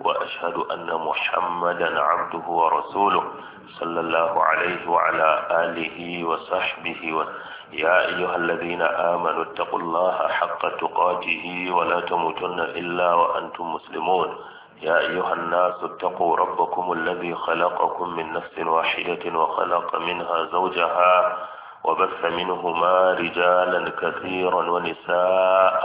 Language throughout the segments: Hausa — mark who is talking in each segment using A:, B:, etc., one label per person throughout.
A: وأشهد أن محمدا عبده ورسوله صلى الله عليه وعلى آله وصحبه و... يا أيها الذين آمنوا اتقوا الله حق تقاته ولا تموتن إلا وأنتم مسلمون يا أيها الناس اتقوا ربكم الذي خلقكم من نفس واحدة وخلق منها زوجها وبث منهما رجالا كثيرا ونساء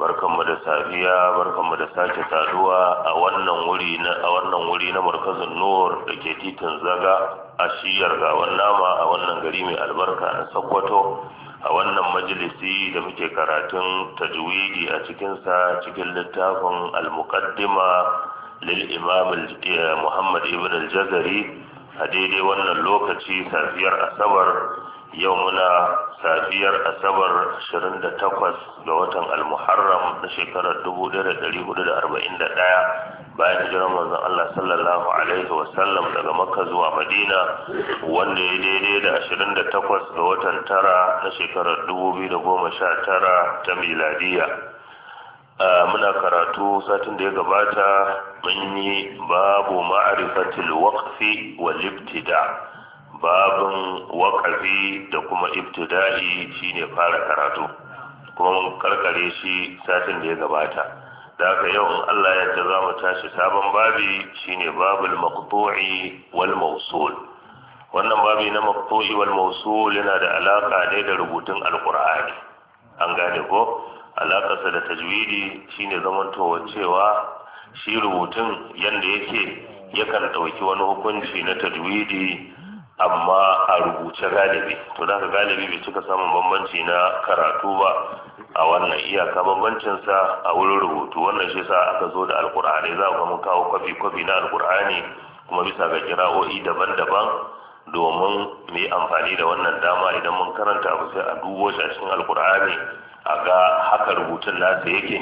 A: barkanmu da safiya barkanmu da sake saduwa a wannan wuri na a wannan wuri na markazin nur da ke titin zaga a shiyar gawan nama a wannan gari mai albarka na sokoto a wannan majalisi da muke karatun tajwidi a cikinsa cikin littafin al-muqaddima lil imam eh, muhammad ibn al-jazari a daidai wannan lokaci safiyar asabar yau muna safiyar asabar 28 ga watan almuharram na shekarar 1441 bayan hijirar manzon Allah sallallahu alaihi wasallam daga makka zuwa madina wanda ya daidai da 28 ga watan tara na shekarar 2019 ta miladiya muna karatu satin da ya gabata mun yi babu ma'arifatil waqfi wal ibtida' babin wakafi da kuma ibtida'i shine fara karatu kuma mun karkare shi satin da ya gabata da haka yau in Allah ya ta za mu tashi sabon babi shine babul maqtu'i wal mawsul wannan babi na maqtu'i wal mawsul yana da alaka ne da rubutun alqur'ani an gane ko alakarsa da tajwidi shine zamantowa cewa shi rubutun yadda yake yakan ɗauki wani hukunci na tajwidi amma a rubuce galibi to da galibi bai cika samun bambanci na karatu ba a wannan iyaka bambancinsa a wurin rubutu wannan shi sa aka zo da alkur'ani za ku kawo kwafi kwafi na alkur'ani kuma bisa ga kira'o'i daban-daban domin mai amfani da wannan dama idan mun karanta abu sai a dubo shi a cikin alkur'ani a ga haka rubutun nasa yake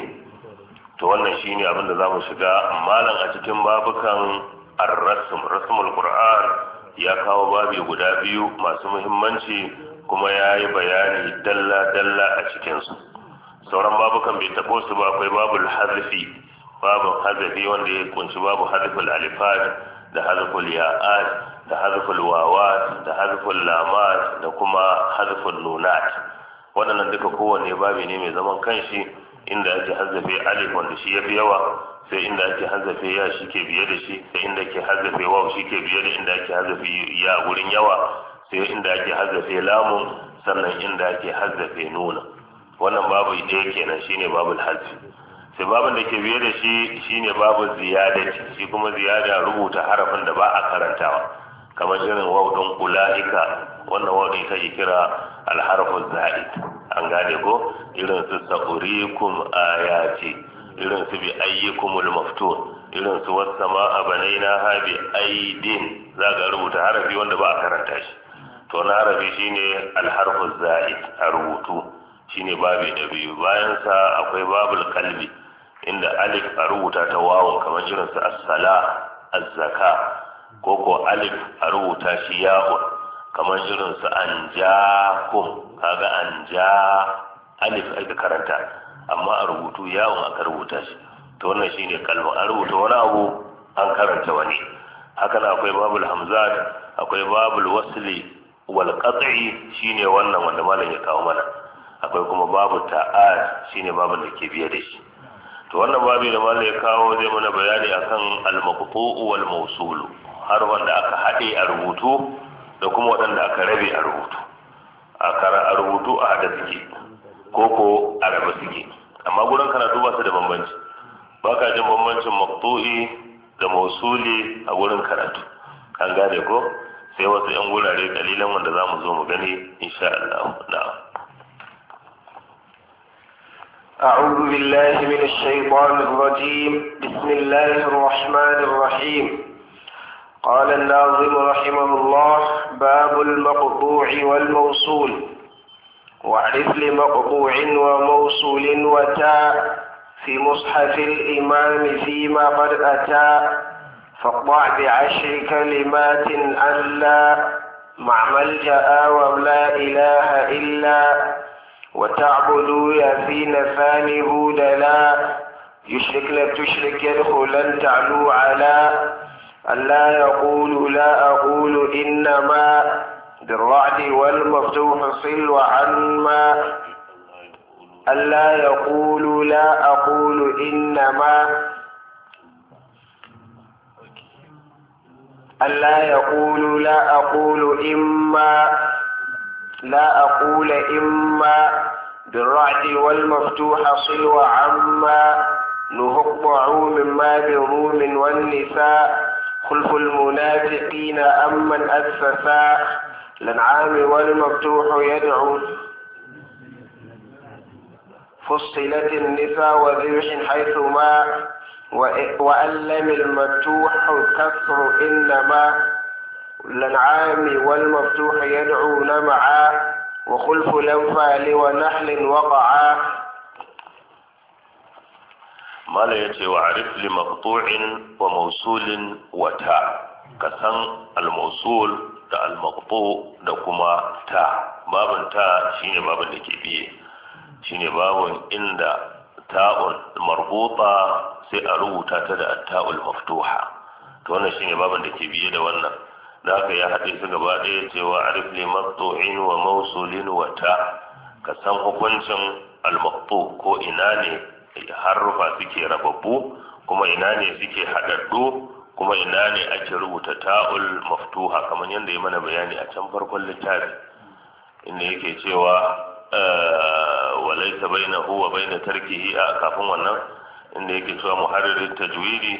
A: to wannan shi ne abin da za mu shiga malam a cikin babukan ar-rasm rasmul qur'an ya kawo babi guda biyu masu muhimmanci kuma ya yi bayani dalla-dalla a cikinsu sauran babukan bai taɓo su ba akwai babu babu hazafi wanda ya kunshi babu haziful alifad, da haziful ya'ad, da haziful wawat da haziful lamat da kuma haziful nunat waɗannan duka kowanne babi ne mai zaman kanshi inda ake hazafe alif wanda shi ya fi yawa sai inda ake hazafe ya shi ke biye da shi sai inda ake hazafe waw shi ke biye da inda ake hazafe ya wurin yawa sai inda ake hazafe lamun sannan inda ake hazafe nuna wannan babu yake kenan shine babu hazfi sai babun da ke biye da shi shine babu ziyada shi kuma ziyada rubuta harafin da ba a karantawa kamar irin waw din ulaika wannan waw din take kira alharfu zaid an gane ko irin su sa'urikum ayati irin su bi ayyukumul maftun irin su was a banaina ha bi aidin ka rubuta harafi wanda ba a karanta shi to na harafi shine alharfu za'id a rubutu shine babi na biyu bayan sa akwai babul kalbi inda alif a rubuta ta wawon kamar irin su asala sala zaka ko ko alif a rubuta shi ya'un kamar irin su kum kaga anja alif aka karanta amma a rubutu yawon aka rubuta shi ta wannan shine kalmar an rubuta wani abu an karanta wani hakan akwai babul hamzat akwai babul wasli wal qat'i shine wannan wanda malam ya kawo mana akwai kuma babu ta'at shine babun da ke biye da shi to wannan babu da malam ya kawo zai mana bayani akan al-maqtu'u wal mawsulu har wanda aka haɗe a rubutu da kuma waɗanda aka rabe a rubutu a kara a rubutu a haɗa suke ko ko a raba suke amma gurin karatu ba su da bambanci ba ka jin bambancin maktu'i da mausuli a gurin karatu an gane ko sai wasu 'yan wurare kalilan wanda za mu zo mu gani insha Allah na'am
B: أعوذ بالله من الشيطان الرجيم بسم الله الرحمن الرحيم قال الناظم رحمه الله باب المقطوع والموصول وعرف لمقطوع وموصول وتاء في مصحف الإمام فيما قد أتى فاقطع بعشر كلمات ألا مع ملجأ ولا إله إلا وتعبدوا نفان هود لا يشرك لا تشرك أن تعلو على ألا يقول لا أقول إنما بالرعد والمفتوح صل وعما ألا يقول لا أقول إنما ألا يقول لا أقول إما لا أقول إما بالرعد والمفتوح صل وعما نهقعوا من ما بروم والنساء خلف المنافقين أمن أسسا الانعام والمفتوح يدعو فصلت النساء وذبح حيثما وألم المفتوح كثر إنما الأنعام والمفتوح يدعون معا وخلف الأنفال ونحل وقعا
A: ما لا يتي وعرف لمقطوع وموصول وتاء كثم الموصول da almakpo da kuma ta babin ta shine babin da ke biye shine babin inda ta'ul marbuta sai a rubuta ta da ta'ul maftuha to wannan shine babin da ke biye da wannan da haka ya haɗe su gaba ɗaya cewa arif li maftu'in wa mawsulin wa ta ka san hukuncin almaqtu ko ina ne harufa suke rababbu kuma ina ne suke haɗaɗɗu kuma ina ne ake rubuta ta'ul maftuha kamar yadda ya mana bayani a can farkon littafi inda yake cewa eh, walaita baina huwa baina tarkihi a kafin wannan inda yake cewa muharririn tajwidi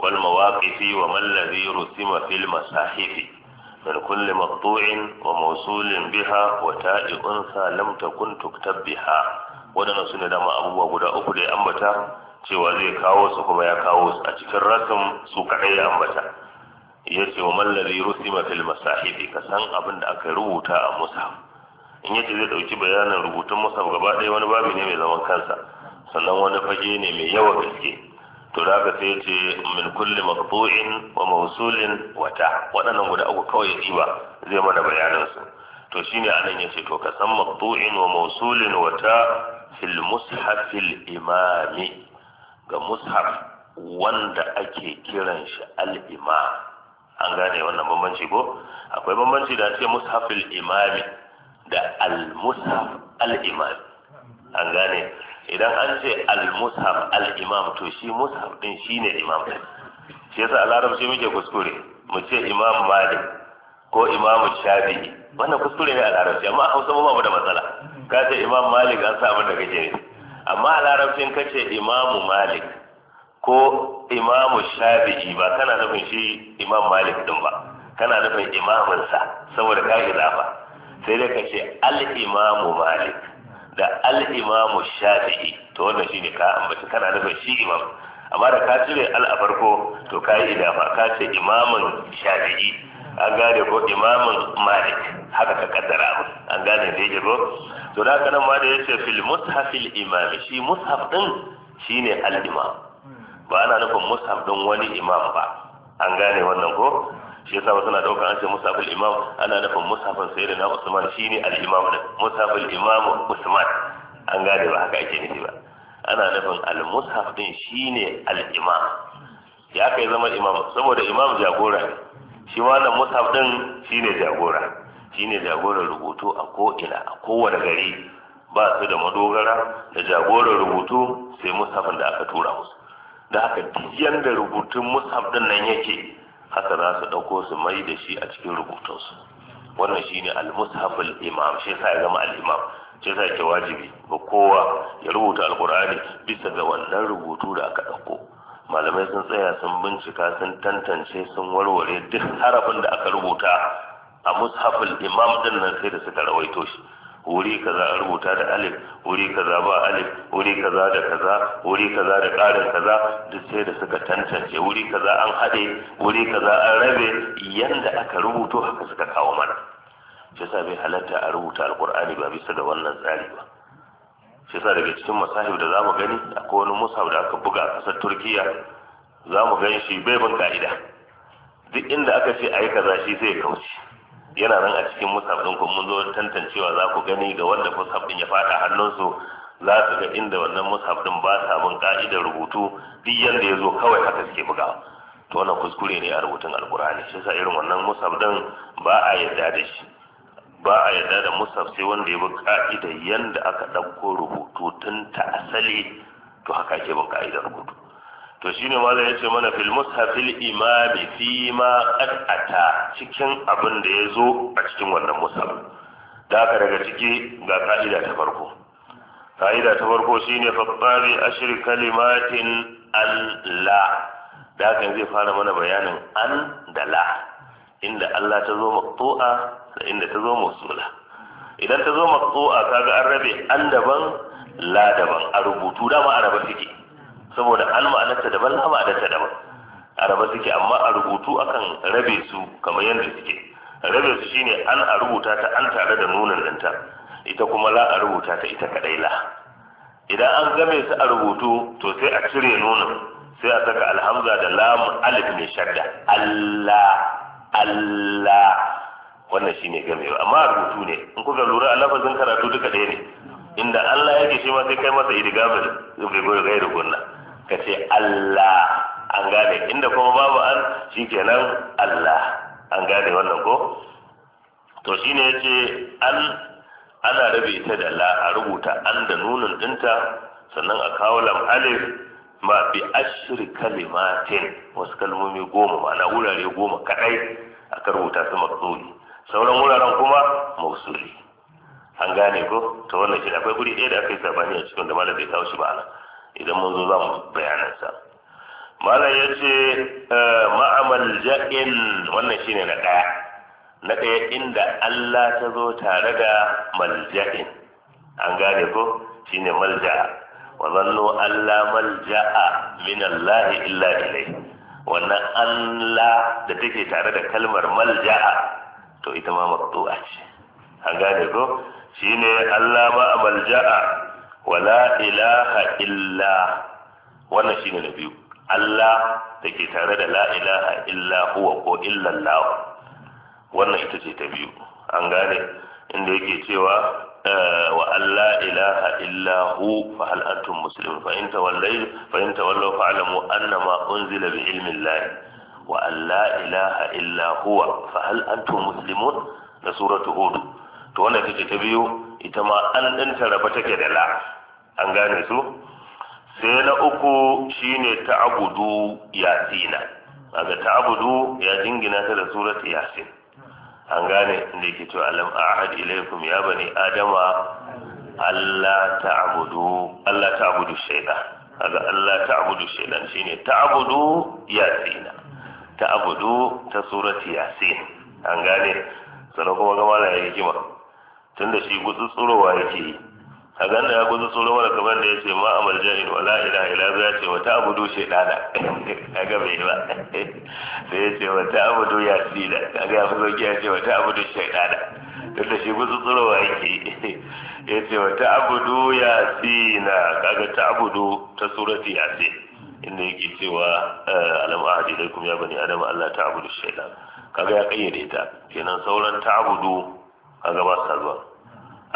A: wal mawaqifi wa man ladhi rusima fil masahifi من كل مقطوع وموصول بها وتاء أنثى biha, تكن تكتب بها ودنا abubuwa guda uku da ya ambata. cewa zai kawo su kuma ya kawo su a cikin rasin su kaɗai ya ambata ya ce wa mallari rusima fil masahibi ka san abin da aka rubuta a Musa. in yace zai ɗauki bayanin rubutun Musa gaba ɗaya wani babu ne mai zaman kansa sannan wani fage ne mai yawa gaske to da haka sai ce min kulle maqtu'in wa mawsulin wata waɗannan guda uku kawai ya ba zai mana bayanin su to shine anan ya ce to ka san maqtu'in wa mawsulin wata fil mushafil imami ga mushaf wanda ake kiran shi al'ima, an gane wannan bambanci ko akwai bambanci da ce mushafil imami da al-mushaf al-imami an gane idan an ce al-mushaf al-imam to shi mushaf din shine imam shi yasa al-arab shi muke kuskure mu ce imam malik ko imam shafi'i wannan kuskure ne al-arab amma a hausa ba mu da matsala ka ce imam malik an sa abin da kake ne amma a larabcin kace imamu malik ko imamu shafi'i ba kana nufin shi imam malik din ba kana nufin imaminsa saboda ka yi zafa sai dai ka ce al-imamu malik da al-imamu shafi'i to wannan ne ka ambaci kana nufin shi imam amma da ka cire al a to ka yi idafa ka ce imamin shafi'i an gane ko imamin malik haka ka kaddara an gane da yake ko to da haka nan ma da yace fil mushafil imami shi mushaf din shine al-imam ba ana nufin mushaf din wani imam ba an gane wannan ko shi yasa wasu na dauka an ce mushafil imam ana nufin mushafin sayyidina Usman shine al-imam din mushafil imam Usman an gane ba haka ake nufi ba ana nufin al-mushaf din shine al-imam ya kai zama imam saboda imam jagora ne shi wannan mushaf din shine jagora shine jagoran rubutu a ko'ina a kowane gari ba su da madogara da jagoran rubutu sai musafin da aka tura musu da haka duk da rubutun musaf din nan yake haka za su ɗauko su mai da shi a cikin rubutunsu wannan shine al-mushaf al-imam shi yasa ya zama al-imam shi sa yake wajibi ga kowa ya rubuta alqur'ani bisa ga wannan rubutu da aka ɗauko malamai sun tsaya sun bincika sun tantance sun warware duk harafin da aka rubuta a mushafin imam din nan sai da suka rawaito shi wuri kaza an rubuta da alif wuri kaza ba alif wuri kaza da kaza wuri kaza da ƙarin kaza duk sai da suka tantance wuri kaza an haɗe wuri kaza an rabe yanda aka rubuto haka suka kawo mana shi yasa bai halatta a rubuta alƙur'ani ba bisa ga wannan tsari ba shi yasa daga cikin masahib da zamu gani akwai wani musaf da aka buga a ƙasar turkiya zamu gan shi bai bin ka'ida duk inda aka ce a yi kaza shi sai ya kauce yana nan a cikin musaf ɗin kuma mun zo tantancewa za ku gani ga wanda musaf ɗin ya fada hannunsu za su ga inda wannan musaf ɗin ba sa bin ka'idar rubutu duk yanda ya zo kawai haka suke buga to wannan kuskure ne a rubutun alkur'ani shi sa irin wannan musaf ɗin ba a yarda da shi ba a yarda da musaf sai wanda ya bi ka'idar yanda aka ɗauko rubutu tun ta asali to haka ke bin ka'idar rubutu to shine ya yace mana fil mushafil imami fi ma qad ata cikin abin da yazo a cikin wannan mushaf da aka daga ciki ga ka'ida ta farko ka'ida ta farko shine fabbari ashir kalimatin alla da aka zai fara mana bayanin an da la inda Allah ta zo maqtu'a da inda ta zo mawsula idan ta zo maqtu'a kaga an rabe an daban la daban a rubutu dama a rabe saboda alma'anarta daban lama'anarta daban a raba suke amma a rubutu akan rabe su kamar yadda suke rabe su shine an a rubuta ta an tare da nunan danta ita kuma la a rubuta ta ita kadai la idan an game su a rubutu to sai a cire nunin sai a saka alhamza da lam alif mai shadda Allah Allah wannan shine gamewa amma rubutu ne in kuka lura lafazin karatu duka ɗaya ne inda Allah yake shi ma sai kai masa idgamin bai goyi da gunna ka ce Allah an gane inda kuma babu an shi kenan Allah an gane wannan ko to shi ya ce an, ana rabe ita da la a rubuta an da nunin dinta sannan a kawo lam alif ma bi ashir kalimatin wasu kalmomi goma ma'ana wurare goma kadai aka rubuta su maksuli sauran wuraren kuma mausuli an gane ko to wannan shi akwai guri ɗaya da aka yi sabani a cikin da malam bai kawo shi ba idan mun zo za mu bayanansa malam ya ce eh, ma'amal ja'in wannan shine na ɗaya na ɗaya inda Allah ta zo tare da malja'in an gane ko shine malja'a wa zannu Allah malja'a min Allah illa ilai wannan Allah da take tare da kalmar malja'a to ita ma maqtu'a ce an gane ko shine Allah ma malja'a wala ilaha illa wannan shine na biyu Allah da ke tare da la ilaha illa huwa ko illallah wannan ita ce ta biyu an gane inda yake cewa eh, wa Allah ilaha illa hu fa hal antum muslimun fa in tawallaw fa in tawallaw fa'lamu annama unzila bi ilmi Allah wa Allah ilaha illa huwa fa hal antum muslimun na suratu hud to wannan ce ta biyu ita ma an danta raba take da la an gane su sai na uku shine ta'abudu yasina kaga ta'abudu ya jingina ta da surat yasin an gane inda yake cewa alam ahad ilaikum ya bani adama Allah ta'abudu Allah ta'abudu shaytan daga Allah ta'abudu shaytan shine ta'abudu yasina ta'abudu ta surat yasin an gane sannan kuma ga malaya hikima tunda shi gutsurowa yake yi a ganin ya gudu tsoro wani kamar da ya ce ma amal jahil wala ila ila ya ce wata abudu shaidana a ga bai ba sai ya ce wata abudu ya da ya ga yafi sauki ya ce wata abudu shaidana tunda shi gudu tsoro wa yake ya ce wata abudu ya na kaga ta abudu ta surati ya ce inda yake cewa eh, alam ahadi laikum ya bani adam allah ta abudu shaidan kaga ya kayyade ta kenan sauran ta abudu kaga ba sa zuwa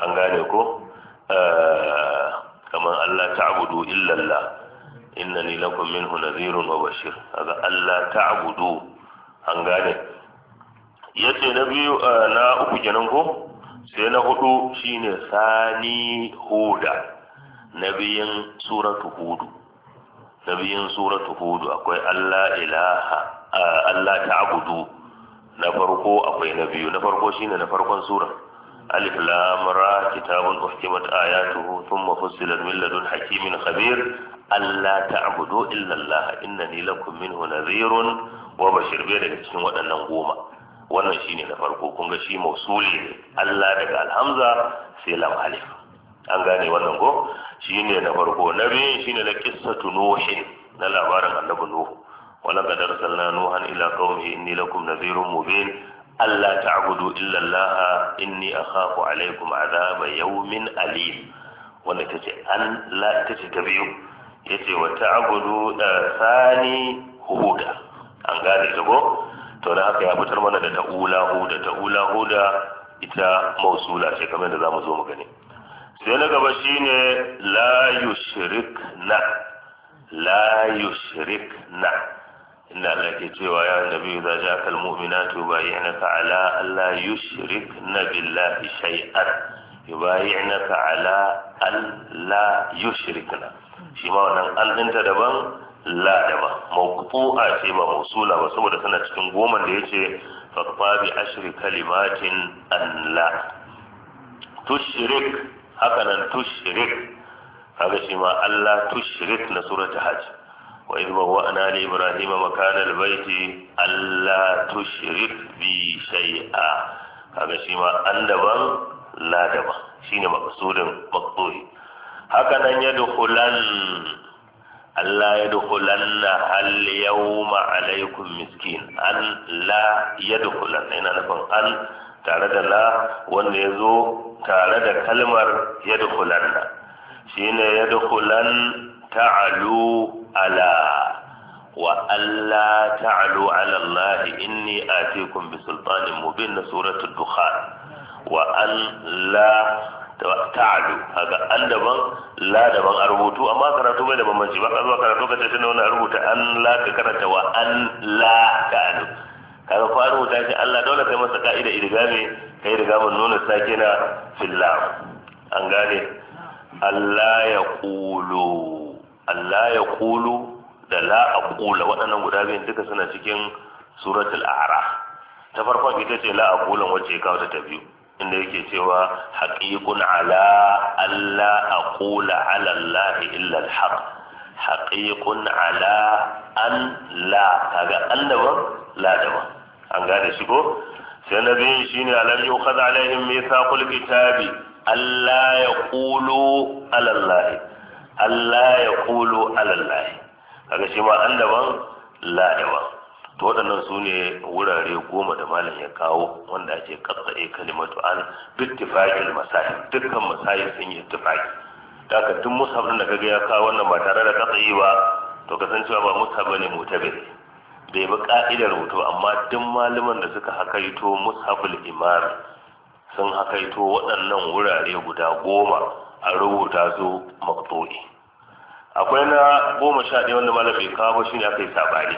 A: an gane ko kamar Allah ta abudu illallah inna ni lakum minhu Nazirun wa bashir kaga Allah abudu an gane yace na biyu na uku kenan ko sai na hudu shine sani huda nabiyin suratu hudu nabiyin suratu hudu akwai Allah ilaha Allah abudu na farko akwai na biyu na farko shine na farkon sura alif lam ra kitabun uhkimat ayatuhu thumma fussilat min ladun hakimin khabir Allah ta'budu illa Allah innani lakum minhu nadhirun wa bashir bai daga cikin waɗannan goma wannan shine na farko kun ga shi mausuli ne Allah daga alhamza sai lam alif an gane wannan ko shine na farko na biyu shine na qissatu nuhin na labarin annabi nuhu ولقد أرسلنا نوحا إلى قومه إني لكم نذير مبين Allah ta'budu illa Allah inni akhafu alaikum azaba yawmin alim wanda tace an la tace ta biyu yace wa ta'budu sani huda an gane ta to da haka ya fitar mana da ta'ula huda ta'ula huda ita mausula ce kamar da zamu zo mu gani sai na gaba shine la yushrik na la yushrik na inda Allah ke cewa ya annabi za ja kal mu'minatu bayyinaka ala alla yushrikna billahi shay'an yubayyinaka ala alla yushrikna shi ma wannan alɗinta daban la daban a ce ba mausula ba saboda tana cikin goman da yace faqfa bi ashri kalimatin an la tushrik haka nan tushrik kaga shi ma Allah tushrik na surata hajj wa idh bawwa'na li ibrahima makana al-baiti alla tushrik bi shay'a kaga shi ma an daban la daban shine maqsudin maqduri haka nan yadkhulan Allah ya dukulanna hal yawma alaikum miskin an la ya dukulanna yana nufin an tare da la wanda ya zo tare da kalmar ya dukulanna shi ne ya ta'alu ala wa alla ta'alu ala Allah inni atikum bi sultanin mubin na suratul dukhan wa alla ta'alu kaga an daban la daban a rubutu amma karatu bai da bambanci ba ka karatu ka ce tunda wannan rubuta an la ka wa an la ta'alu kaga ko an rubuta shi Allah dole kai masa ka'ida idigami kai nuna sakina fillam an gane ya kulu Allah ya kulu da la a kula waɗannan guda biyun duka suna cikin suratul a'raf ta farkon ita ce la a kula wacce ya kawo ta biyu inda yake cewa haƙiƙun ala Allah a kula, Allah illa al Haƙiƙun haqiqun ala an la kaga allawa la dama an gane shi ko sai na biyun shine alam yukhadha alaihim mithaqul kitabi alla yaqulu ala Allah Allah ya kulo alallahi kaga shi ma an daban to waɗannan su ne wurare goma da malam ya kawo wanda ake katsaye kalimatu an bittifaqil masahib dukkan masahib sun yi ittifaqi da haka duk mushaf da kaga ya kawo wannan ba tare da katsayi ba to kasancewa ba mushaf ne mutabir bai bi ka'idar mutu amma duk malaman da suka hakaito mushaful imam sun hakaito waɗannan wurare guda goma a rubuta su maqtu'i akwai na goma sha ɗaya wanda malam bai kawo shi ne aka yi sabani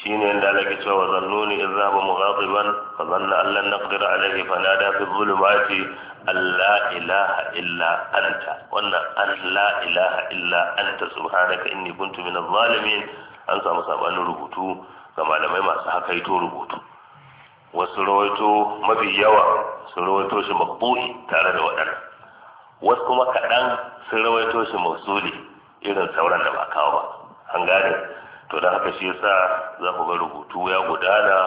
A: shi ne ala ke cewa zannuni in zaba mughadiban fa zanna na lan naqdira alayhi fa nada fi dhulumati an ilaha illa anta wannan an ilaha illa anta subhanaka inni kuntu minadh zalimin an samu sabanin rubutu ga malamai masu haka ito rubutu wasu rawaito mafi yawa su rawaito shi maqbu'i tare da waɗannan wasu kuma kaɗan sun rawaito shi mausuli irin sauran da ba kawo ba an gane to don haka shi yasa za ku ga rubutu ya gudana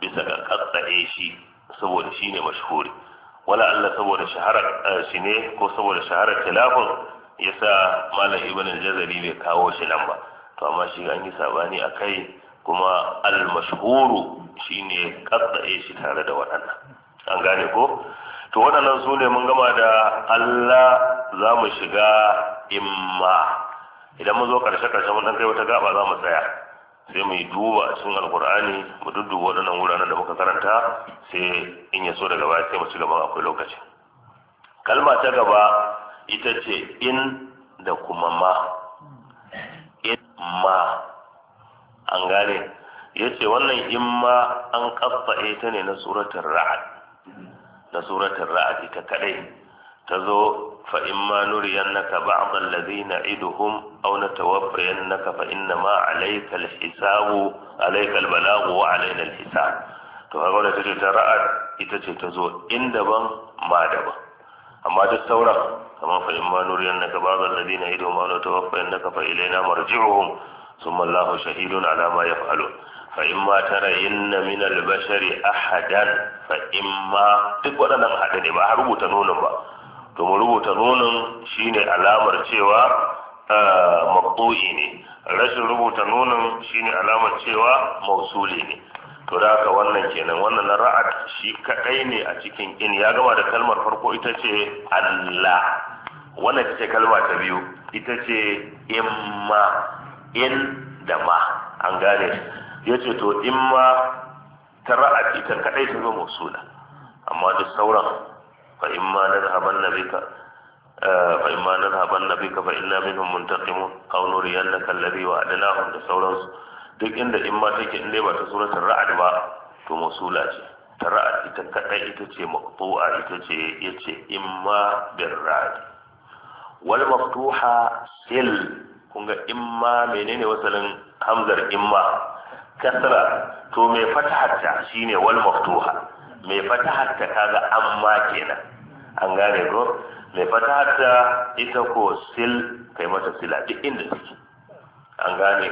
A: bisa ga katsaye shi saboda shi ne mashhuri wala Allah saboda shaharar eh, shi ne ko saboda shaharar tilafin yasa malam ibn al-jazari bai kawo shi nan ba to amma shi an yi sabani a kai kuma al-mashhuru shine katsaye shi tare da waɗannan an gane ko to waɗannan su ne mun gama da Allah za mu shiga imma idan mun zo ƙarshe ƙarshe mun ɗan kai wata gaba za mu tsaya sai mu yi duba cikin alkur'ani mu dudu waɗannan wuraren da muka karanta sai in ya so daga baya sai mu ci gaba akwai lokaci kalma ta gaba ita ce in da kuma ma in ma an gane ya ce wannan imma an kafa ita ne na suratun ra'ad na suratul ra'd ta kadai ta zo fa imma nuriyannaka ba'd alladhina iduhum aw natawaffayannaka fa inna ma alayka alhisabu alaikal balagu wa alainal alhisab to kaga ta ce ta ra'd ita ce ta zo in daban ma daban amma duk sauran kamar fa imma nuriyannaka ba'd alladhina iduhum aw natawaffayannaka fa ilayna marji'uhum sun الله shahidun alama ya falo. fa'imma tara inna min albashari ahadan fa'imma duk waɗannan haɗe ne ba har rubuta nunin ba to mu rubuta nunin shine alamar cewa maqtu'i ne rashin rubuta nunin shine alamar cewa masuli ne to da wannan kenan wannan na ra'ad shi kadai ne a cikin in ya gama da kalmar farko ita ce Allah wannan ita ce kalma ta biyu ita ce imma in da ma an gane ya ce to in ma ta ra'afi ta kadai ta zama suna amma duk sauran fa in ma na zahaban na bika eh, fa in ma na zahaban na bika fa inna minhum muntaqimun aw wa adana wa'adnahum da sauransu duk inda in ma take in dai ba ta suratul ra'd ba to musula ce ta ra'ad ita kadai ita ce maqtu'a ita ce yace in ma birra'd wal maftuha sil kun ga in ma menene wasalin hamzar in ma kasra to mai fatahatta shine wal maftuha mai fatahatta kaga amma kenan an gane ko mai fatahatta ita ko sil kai mata sila duk inda take an gane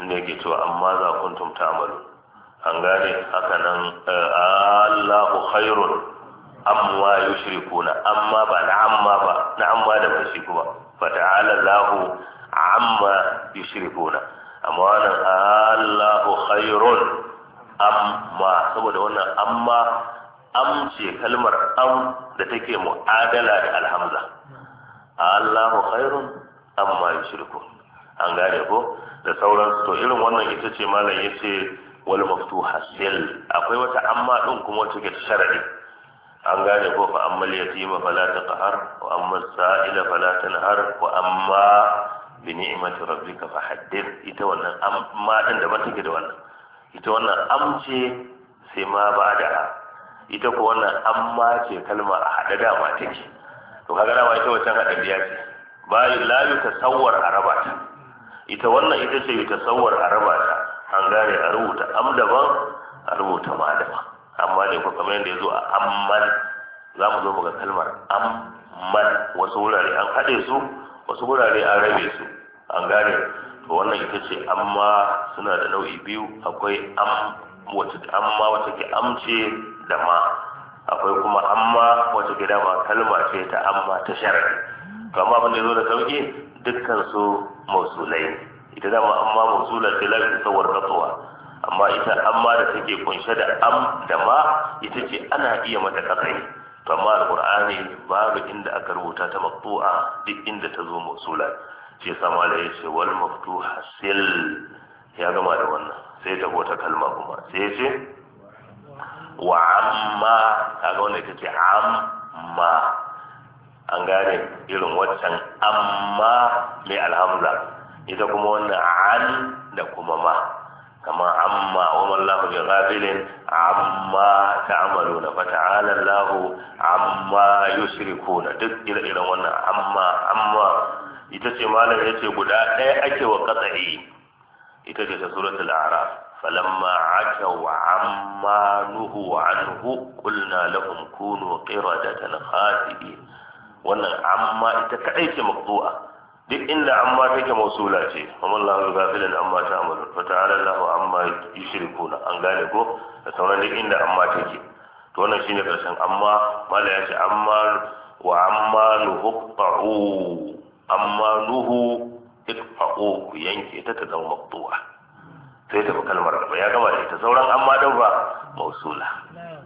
A: inda yake to amma za tumta amalu an gane haka nan eh, Allahu khairun amma yushrikuna amma ba na amma ba na amma da bashi kuma fata'ala lahu amma yushrikuna amwalan Allahu khairun amma saboda wannan amma am ce kalmar am da take mu'adala da alhamza Allahu khairun amma yushriku an gane ko da sauran to irin wannan ita ce malam yace wal maftuha sil akwai wata amma din kuma wata ke sharadi an gane ko fa amma yatima fala taqhar wa amma sa'ila fala tanhar wa amma bi ni'imati rabbika fa haddith ita wannan amma dan da ba take da wannan ita wannan amce sai ma ba da ita ko wannan amma ce kalma a hada da ma take to kaga dama ita wancan biya ce ba la yutasawwar araba ta ita wannan ita ce yutasawwar araba ta an gane a rubuta am daban a rubuta ma daban amma ne ko kamar yadda ya zo a amman za mu zo mu ga kalmar amman wasu wurare an haɗe su wasu wurare an rabe su an gane to wannan ita ce amma suna da nau'i biyu akwai am wata amma wata ke amce da ma akwai kuma amma wata ke dama kalma ce ta amma ta sharadi to amma abin da zo da sauki dukkan su mausulai ita dama amma mausula ce lafi sauwar katsuwa amma ita amma da take kunshe da am da ma ita ce ana iya mata kasai to amma babu inda aka rubuta ta maqtu'a duk inda ta zo mausula ce yasa malai ya ce wal maftuha sil ya gama da wannan sai ta bota kalma kuma sai ya ce wa amma kaga ce amma an gane irin waccan amma mai alhamza ita kuma wannan an da kuma ma kama amma wa mallahu bi ghafilin amma ta'amalu na fata'ala Allah amma yushrikuna duk ire-iren wannan amma amma ita ce malam ce guda ɗaya ake wa qat'i ita ce ta suratul a'raf فلما عتوا عما نهوا عنه قلنا لهم كونوا قردة خاسئين wannan amma ita kadai ce maqdu'a duk inda amma take mausula ce kuma Allah ya gafilan amma ta amalu fa ta'ala ma amma na an gane ko da sauran duk inda amma take to wannan shine karshen amma mala ya ce amma wa amma amma nuhu iqfa'u ku yanke ta ta zama maqtu'a sai tafi kalmar gaba ya gama da ita sauran an ma ba mausula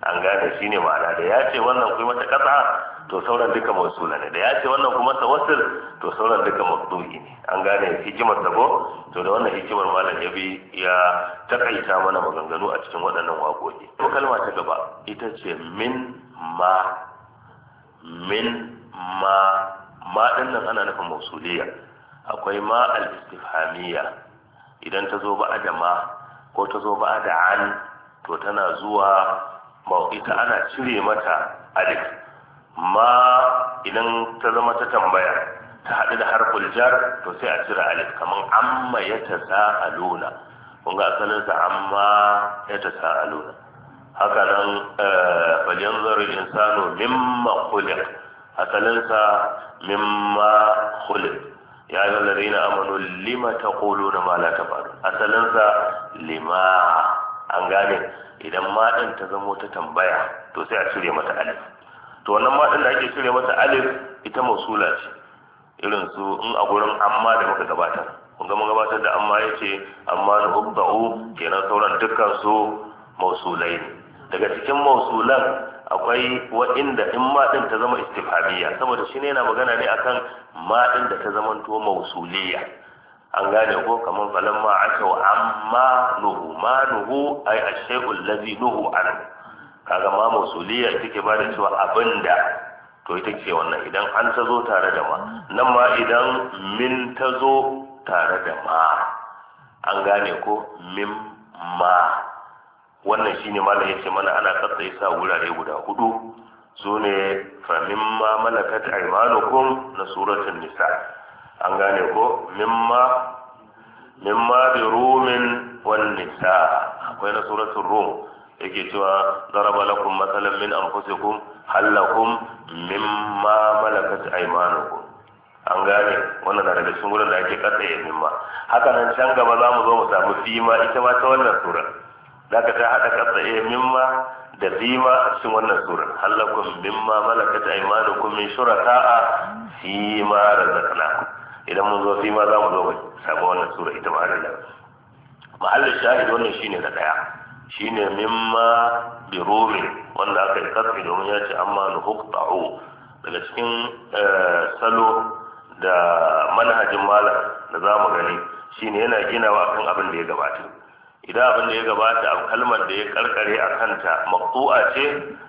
A: an gane shi ne ma'ana da ya ce wannan kuma ta kasa to sauran duka mausula ne da ya ce wannan kuma ta wasir to sauran duka maqdu'i ne an gane hikimar ta ko to da wannan hikimar malam ya bi ya takaita mana maganganu a cikin waɗannan waƙoƙi ko kalma ta gaba ita ce min ma min ma ma ɗin nan ana nufin mausuliya akwai ma al-istifhamiyya idan ta zo ba'a da ma ko ta zo ba'a da an to tana zuwa ita ana cire mata alif ma idan ta zama ta tambaya ta haɗu da harful jar to sai a cire alif kamar amma ya ta sa'aluna kun ga sa amma ya ta sa'aluna haka nan eh, falyan zarar insano mimma asalin sa mimma kulik ya yi wallare na amano lima ta kolo na ma lata faru asalinsa lima an gane idan maɗin ta zamo ta tambaya to sai a cire mata alif to wannan maɗin da ake cire mata alif ita mausula ce irin su in a gurin amma da muka gabatar kun ga gabatar da amma yace amma na hubba'u kenan sauran dukkan su mausulai daga cikin mausulan akwai wa'inda in ma din ta zama istifamiya saboda shine yana magana ne akan ma din da ta zama to mausuliyya an gane ko kaman falamma atau amma nuhu ma nuhu ai a shayu allazi nuhu an kaga ma mausuliyya take bada cewa abinda to ita ce wannan idan an ta zo tare da ma nan ma idan min ta zo tare da ma an gane ko min ma wannan shine malam yace mana ana katsa yasa wurare guda hudu sune fa mimma malakat aymanukum na suratul nisa an gane ko mimma mimma bi rumin wannan nisa akwai na suratul rum yake cewa daraba lakum masalan min anfusikum hal lakum mimma malakat aymanukum an gane wannan na daga cikin wurin da ake katsaye mimma haka nan can gaba za mu zo mu samu fima ita ma ta wannan surar zaka ta haɗa katsaye eh, mimma da zima a cikin wannan sura halakum mimma malakat aymanukum min shuraka fi ma razaqnakum idan mun zo fi za mu zo mu sabon wannan sura ita ma da mahallin shahid wannan shine da daya shine mimma bi rumin wanda aka yi katsi domin ya ce amma nuhuqta'u daga cikin eh, salo da manhajin malam da za gani shine yana ginawa kan abin da ya gabata idan abin da ya gabata kalmar da ya karkare a kanta maqtu'a ce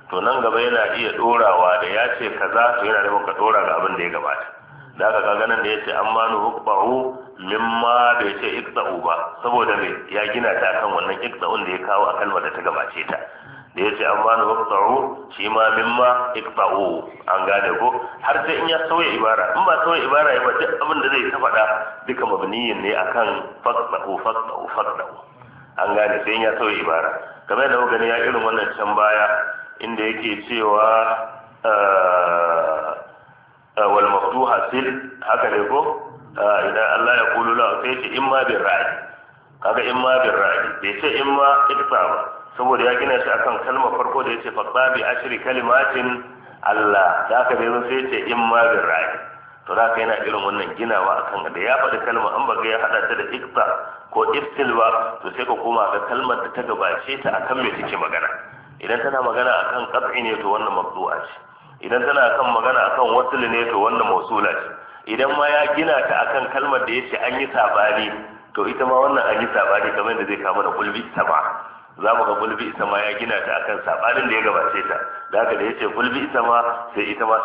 A: to nan gaba yana iya dorawa da ya ce kaza to yana da ka dora ga abin da ya gabata da aka ga ganin da ya ce amma nu hukbahu mimma da ya ce iktsa'u ba saboda me ya gina ta kan wannan iktsa'un da ya kawo a kalmar da ta gabace ta da ya ce amma nu hukbahu shi ma mimma iktsa'u an gane ko har sai in ya sauya ibara in ba sauya ibara ya ba duk abin da zai ta faɗa duka mabniyin ne akan faqta'u faqta'u faqta'u an gane sai ya sauya ibara kamar da gani ya irin wannan can baya inda yake cewa ah, ah, wal mafduha haka ne ko ah, idan Allah ya kulu lahu sai ce imma bin ra'i kaga imma bin ra'i bai ce imma itfa ba saboda ya gina shi akan kalmar farko da ya fa babi ashri kalimatin Allah da haka bai sai ce imma bin ra'i to da na irin wannan ginawa akan da ya faɗi kalma an baga ya hada ta da ikta ko iftil ba to sai ka koma ga kalmar da ta gabace ta akan me take magana idan tana magana akan qat'i ne to wannan mabdu'a ce idan tana akan magana akan wasl ne to wannan mausula ce idan ma ya gina ta akan kalmar da yace an yi sabari to ita ma wannan an yi sabari kamar da zai kama da kulbi sama za mu ga kulbi sama ya gina ta akan sabanin da ya gabace ta da haka da yace kulbi sama sai ita ma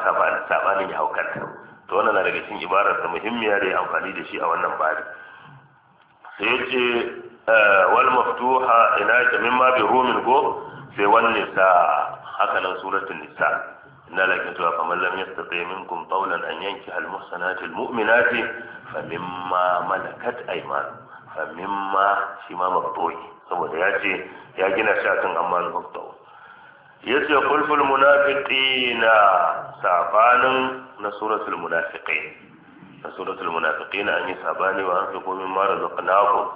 A: sabanin ya hau kanta to wannan na daga cikin ibarar da muhimmiya da ya amfani da shi a wannan bari sai ya ce eh, wal maftuha ina min ma bi rumin go sai wan nisa haka nan suratul nisa inna la kintu fa man lam yastati minkum qawlan an yanki al muhsanati al mu'minati fa mimma malakat aymanu fa mimma shi ma maftuhi saboda ya ce ya gina shi akan amma al maftuhi yace kulful munafiqina sabanin na suratul munafiqin na suratul na an yi sabani wa an fi komin mara razaqnakum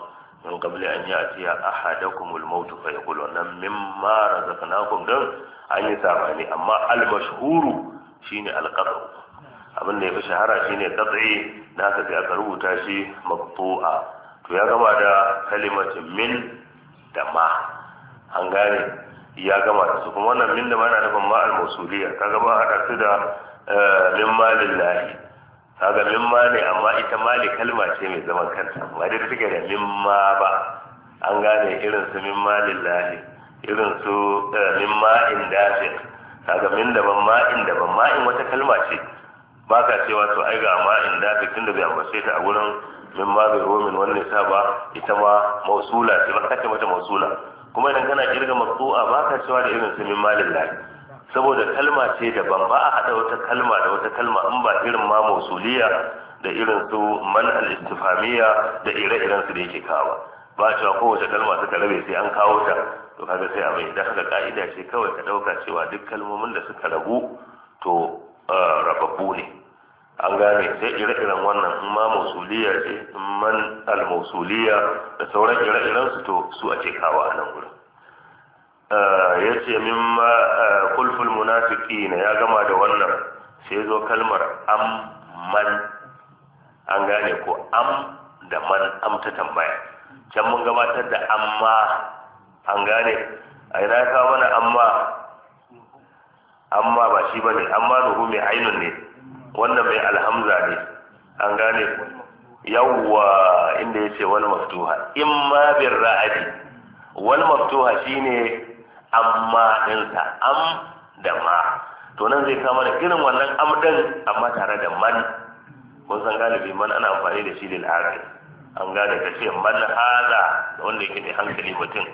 A: min qabli an ya'tiya ahadakumul maut fa yaqulu nan mara razaqnakum dan an yi sabani amma al shi shine al abin da yafi shahara shine qad'i da ka ga aka rubuta shi maqtu'a to ya gama da kalimatin min da ma an gane ya gama da su kuma wannan min da mana yana nufin ma al-mausuliya kaga ba hada da eh, min malin lahi kaga min ma ne amma ita mali kalma ce mai zaman kanta ma dai take da min ma ba an gane irin su min malin lahi irin su eh, min ma'in dafin kaga min daban ma'in ma ma'in wata kalma ce ba ka cewa to ai ga ma'in dafin tun da bai ambace ta a wurin min ma bai romin wannan sa ba ita ma mausula ce ba kace mata mausula kuma idan kana kirga maktu'a ba ka cewa da irin sumin malin lahi saboda kalma ce daban ba a haɗa wata kalma da wata kalma in ba irin ma mausuliya da irin su man al istifamiya da ire-iren su da yake kawo ba a cewa kowace kalma suka rabe sai an kawo ta to kaga sai a mai da haka ka'ida ce kawai ka ɗauka cewa duk kalmomin da suka rabu to eh, rababbu ne an gane sai ire-iren wannan in ma mausuliya ce in man al musuliya da sauran ire-iren su to su ce kawo a nan gurin eh, ya ce min ma eh, kulful munafiki na ya gama da wannan sai zo kalmar am man an gane ko am da man am ta tambaya can mun gabatar da amma an gane a ina kawo mana amma amma ba shi ba ne amma nuhu mai ainun ne wannan mai alhamza ne an gane yawwa inda yace wal maftuha ma bir ra'adi wal maftuha shine amma dinsa am da ma to nan zai kama da irin wannan am din amma tare da man kun san galibi man ana amfani da shi da aqil an gane ka ce man hada wanda yake da hankali mutum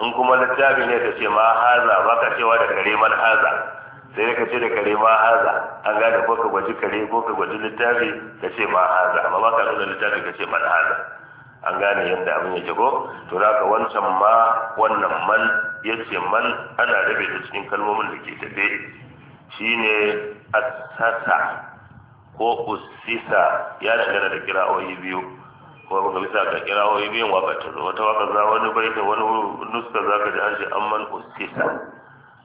A: in kuma littafi ne ta ce ma haza baka cewa da kare man haza sai ka ce da kare ma haza an gane ko ka gwaji kare ko ka gwaji littafi ka ce ma haza amma ba ka nuna littafi ka ce man haza an gane yadda abin yake ko to ka wancan ma wannan man ya ce man ana rabe ta cikin kalmomin da ke tafe shine asasa ko usisa ya dangana da kira'o'i biyu ko ga bisa ga kira'o'i biyun waka wata waka za wani baita wani nuska za ka ji an ce man usisa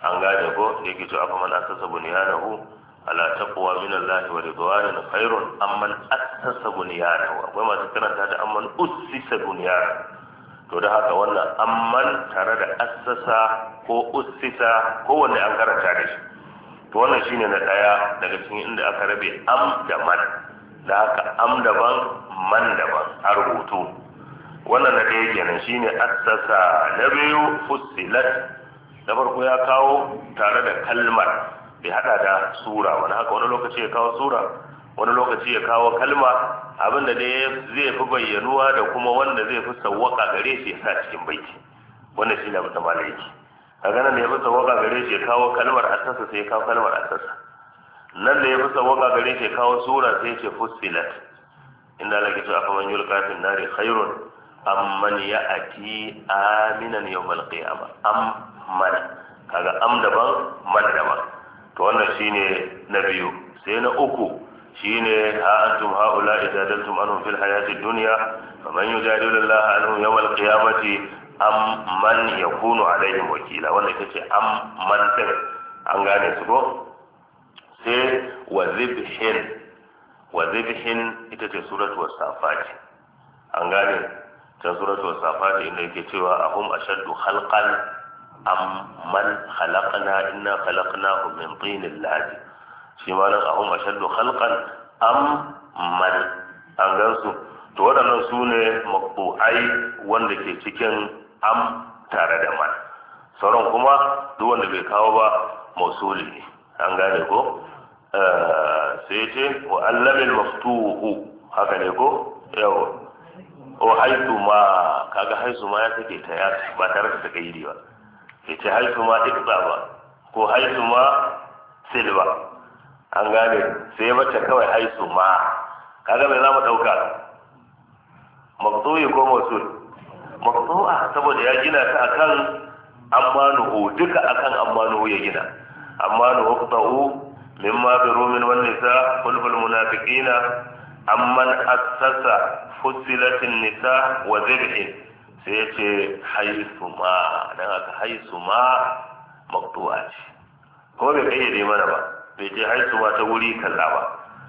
A: an gane ko ne ke ce afaman asasa bunyanahu ala taqwa min Allah wa ridwanin khairun amman asasa bunyanahu akwai masu karanta da amman ussisa bunyan to da haka wannan amman tare da asasa ko ussisa ko wanne an karanta da shi to wannan shine na daya daga cikin inda aka rabe am da man da haka am daban man daban a rubutu wannan na daya kenan shine asasa na biyu fussilat na farko ya kawo tare da kalmar bai hada da sura wani haka wani lokaci ya kawo sura wani lokaci ya kawo kalma abinda ne zai fi bayyanuwa da kuma wanda zai fi sawwaka gare shi ya sa cikin baiti wannan shi ne abu ta yake a ganin da ya fi sawwaka gare shi ya kawo kalmar asasa sai ya kawo kalmar asasa nan da ya fi sawwaka gare shi ya kawo sura sai ya ce fusilat inda lake cewa fa man yulqa fi nari khairun amman ya'ti aminan yawmal qiyamah am mana kaga am daban man daban to wannan shine na biyu sai na uku shine ha antum haula idadaltum anhum fil hayati dunya faman yujadilu Allah anhum yawm al qiyamati am man yakunu alaihim wakila wannan ita ce am man din an gane su ko sai wa zibhin wa zibhin ita ce suratu wasafati an gane ta suratu wasafati inda yake cewa ahum ashaddu khalqan amman khalaqna inna khalaqnahu min tinin laji shi ma nan ahum ashaddu khalqan amman an gansu to waɗannan su ne maƙo'ai wanda ke cikin am tare da man sauran kuma duk wanda bai kawo ba mausuli ne an gane ko eh, sai ce wa allamin maftuhu haka ne ko yau o haisu ma kaga haisu ma ya take ta ya ba tare da ta kaidi ba yace haitu ma ikba ba ko haitu ma silba an gane sai mace kawai haitu ma kaga me za mu dauka maqtu'i ko mawsul maqtu'a saboda ya gina ta akan ammanuhu duka akan ammanuhu ya gina ammanuhu qta'u mimma bi rumin wan nisa qulbul munafiqina amman assasa fusilatin nisa wa zibhin sai ya ce haisu ma don haka haisu ma maktuwa ce ko bai kayyade mana ba bai ce haisu ma ta wuri kaza ba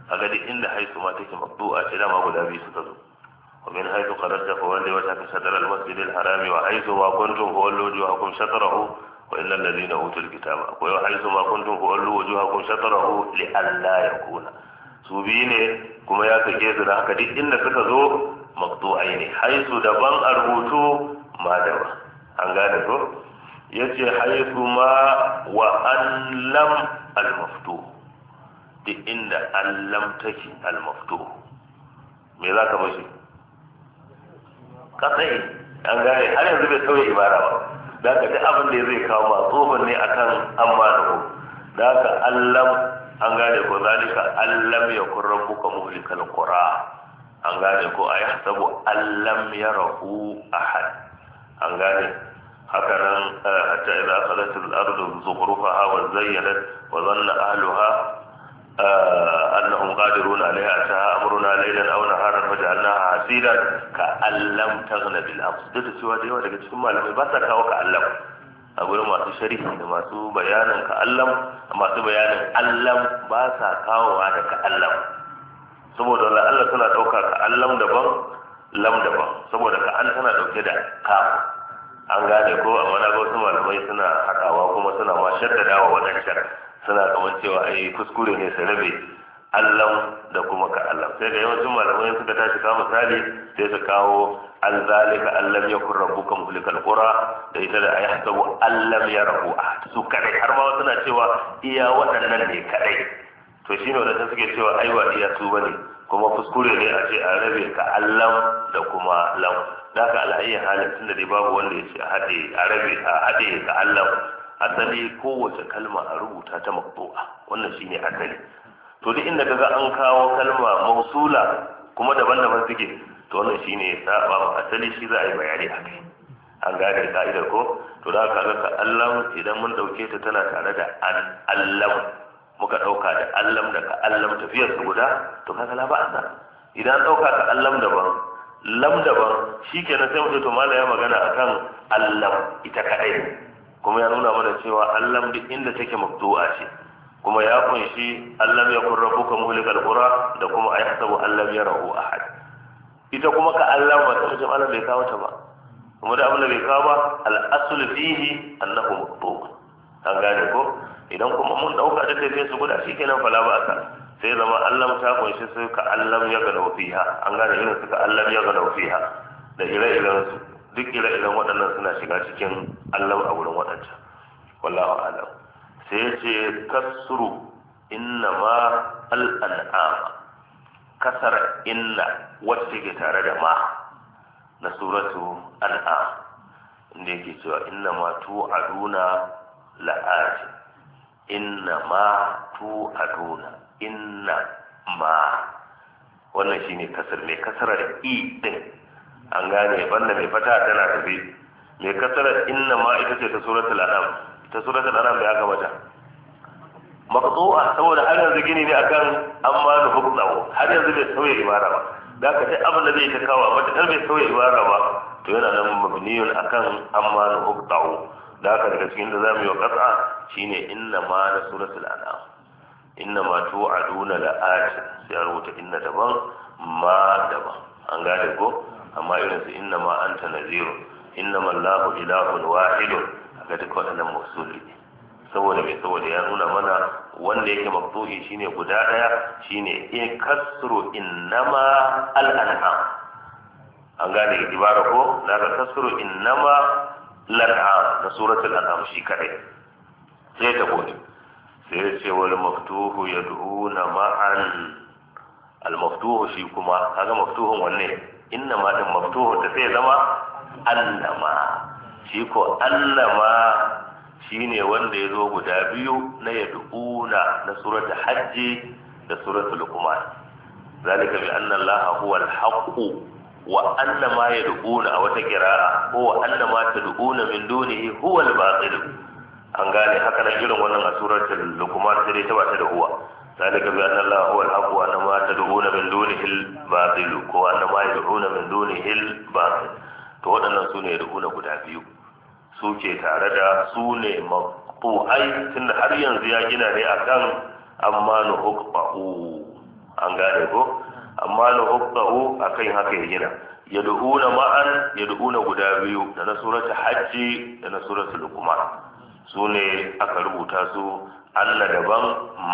A: a gadi inda haisu ma take maktuwa ce dama guda biyu suka zo ومن حيث خرجت فولي وجهك شطر المسجد الحرام وحيث ما كنتم فولوا وجوهكم شطره وإن الذين أوتوا الكتاب وحيث ما كنتم فولوا وجوهكم شطره لئلا يكون su biyu ne kuma ya sake su da haka duk inda suka zo maqtu'ai ne haisu daban a rubutu ma daban an gane ko ce haisu ma wa an lam almaftu duk inda an lam take al me za ka mashi kasai an gane har yanzu bai sauya ibara ba da ka ji abin da zai kawo ma tsohon ne akan an ma da ku da ka lam an gane ko zalika lam ya kun buka muhlikal kura an gane ko a yi hasabu allam ya rahu ahad an gane haka nan eh, hatta idza khalat al-ardu zukhrufaha wa zayyanat wa dhanna ahluha eh, annahum qadirun 'alayha ataha amruna laylan aw naharan faj'alnaha hasidan ka allam taghna bil amr duk cewa da yawa daga cikin malamai ba sa kawo ka allam a gurin masu sharhi da masu bayanin ka allam masu bayanin allam ba sa kawowa da ka allam saboda Allah tana ɗauka ka an lam daban lam daban saboda ka an tana ɗauke da kafu, an gane ko amma na ga wasu malamai suna haɗawa kuma suna ma wajen shar suna kamar cewa ai kuskure ne su rabe allam da kuma ka allam sai ga yawancin malamai suka tashi kawo misali sai su kawo alzalika allam ya kun rabu kan kuli kalkura da ita da ayi hasabu allam ya rabu a su kadai har ma suna cewa iya waɗannan ne kadai to shi ne wadanda suke cewa aiwa ba iya su bane kuma kuskure ne a ce a rabe ka allam da kuma lam da ka al'ayyar halin tun da dai babu wanda ya ce a haɗe a rabe a haɗe ka allam asali kowace kalma a rubuta ta makbu'a wannan shi ne asali to duk inda kaga an kawo kalma mausula kuma daban-daban suke to wannan shi ne saba ma asali shi za a yi bayani a kai an gane ka'idar ko to da ka ga ka allam idan mun dauke ta tana tare da allam muka ɗauka da allam da ka allam tafiyar su guda to kaga la ba asa idan ɗauka ka allam daban lam daban shi kenan sai mutum to mala ya magana a kan allam ita kaɗai kuma ya nuna mana cewa allam duk inda take mabdu'a ce kuma ya kunshi allam ya kun rabu rabuka muhlikal qura da kuma a ayahsabu allam ya rahu ahad ita kuma ka allam ba ta mutum allam bai kawo ta ba kuma da abin da bai kawo ba al aslu fihi annahu mabdu' an gane ko idan kuma mun dauka da kai su guda shi kenan fala ba aka sai zama Allah ta kunshi su ka Allah ya ga fiha an gane irin su ka Allah ya ga fiha da ire-iren su duk ire-iren waɗannan suna shiga cikin Allah a wurin waɗancan wallahu alam sai ya ce kasru inna ma al'an'ama kasar inna wacce ke tare da ma na suratu al'am inda yake cewa inna ma tu'aduna la'ajin inna ma tu aduna inna ma wannan shine kasar mai kasarar i din an gane banda mai fata tana tafi mai kasarar inna ma ita ce ta suratul anam ita suratul anam bai aka mata maqtu'a saboda har yanzu gini ne akan amma da hukumawo har yanzu bai sauya ibara ba da ka sai abin da zai ta kawo mata bai sauya ibara ba to yana nan mabniyun akan amma da hukumawo da aka daga cikin da zamu yi wa qat'a shine inna ma na suratul an'am inna ma tu'aduna la'at sai rubuta inna daban ma daban an gane ko amma irin su inna ma anta naziru inna ma Allahu ilahun wahidun ga duk waɗannan musulmi saboda mai saboda ya nuna mana wanda yake mafsuhi shine guda daya shine in kasru innama al-an'am an gane ibara ko daga kasru ma lan'am da suratul an'am shi kadai sai ta gode sai ya ce Wani maftuhu ya yad'una ma'an al maftuhu shi kuma kaga maftuhun wanne inna ma din maftuhu ta sai zama annama shi ko annama shine wanda ya zo guda biyu na ya yad'una na suratul hajji da suratul qumar zalika bi anna allaha huwa al-haqqu wa anna ma yad'una a wata kira'a ko wa anna ma duuna min dunihi huwa al-batil an gane haka nan irin wannan a surar lukuma sai dai ta bata da huwa ذلك بأن الله هو الحق وأن ما تدعون من دونه الباطل وأن ما يدعون من دونه الباطل to waɗannan su ne ruhuna guda biyu su ke tare da su ne mafu'ai tunda har yanzu ya gina ne akan amma nuhuk ba'u an gane ko amma la huqqahu akan haka ya gina na ma'an ya na guda biyu da na surata hajji da na surata su sune aka rubuta su Allah daban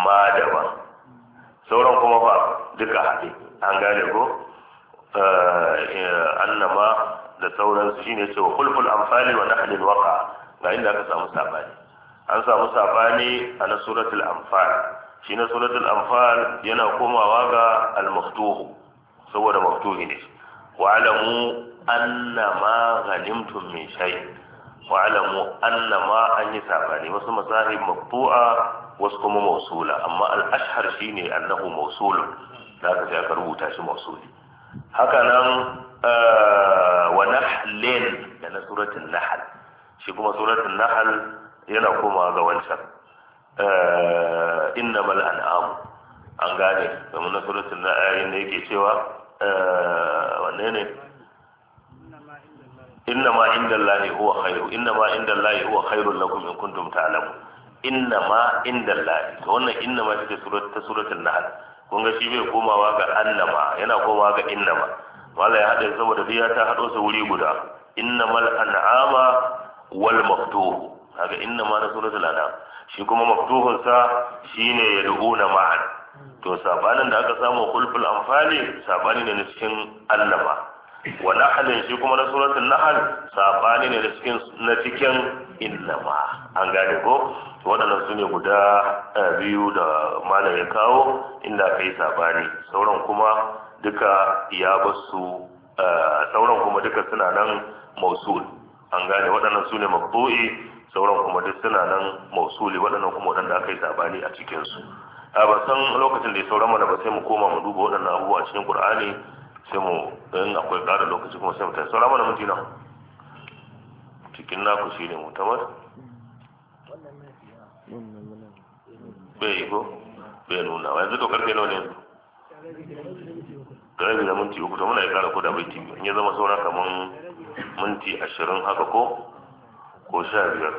A: ma daban sauran kuma ba duka haɗe an gane ko eh, annama da sauransu shine cewa kulful amfani wa nahlil waqa ga inda aka samu safani an samu safani a na suratul amfani shi na suratul anfal yana komawa ga al-maftuhu saboda maftuhi ne wa alamu anna ma ghanimtum min shay wa alamu anna ma an yi sabani wasu masahib maqtu'a wasu kuma mausula amma al-ashhar shine annahu mausul da ka sai aka rubuta shi mausuli haka nan eh, wa nahlin da na suratul nahl shi kuma suratul nahl yana komawa ga wancan Eh, mal an'am an gane kamar na suratul na ayin da yake cewa eh, wanne ne inda indallahi huwa khairu inda indallahi huwa khairul lakum in kuntum ma inda indallahi to wannan inna take surat ta suratul nahl kun ga shi bai komawa ga annama yana komawa ga inna ma wala ya hada saboda biya ta hado su wuri guda innamal an'ama wal maftuh kaga ma na suratul an'am shi kuma maftuhunsa shine yad'una ma'an to sabanin da aka samu kulful anfali sabani ne na cikin allama wa nahlin shi kuma na suratul nahl sabani ne na cikin innama an gane ko to waɗannan su ne guda eh, biyu da malam ya kawo inda kai sabani sauran kuma duka ya basu eh, sauran kuma duka suna nan mausul an gane waɗannan su ne mabdu'i sauran kuma duk suna nan mausuli waɗannan kuma waɗanda aka yi sabani a cikinsu a ba san lokacin da ya sauran mana ba sai mu koma mu duba waɗannan abubuwa a cikin qur'ani sai mu in akwai ƙara lokaci kuma sai mu tafi sauran mana minti na cikin naku shi ne mutamar bai yi ko bai nuna wa yanzu to karfe nawa ne yanzu da minti uku to muna ya kara ko da bai tibi in ya zama saura kamar minti ashirin haka ko ko sha biyar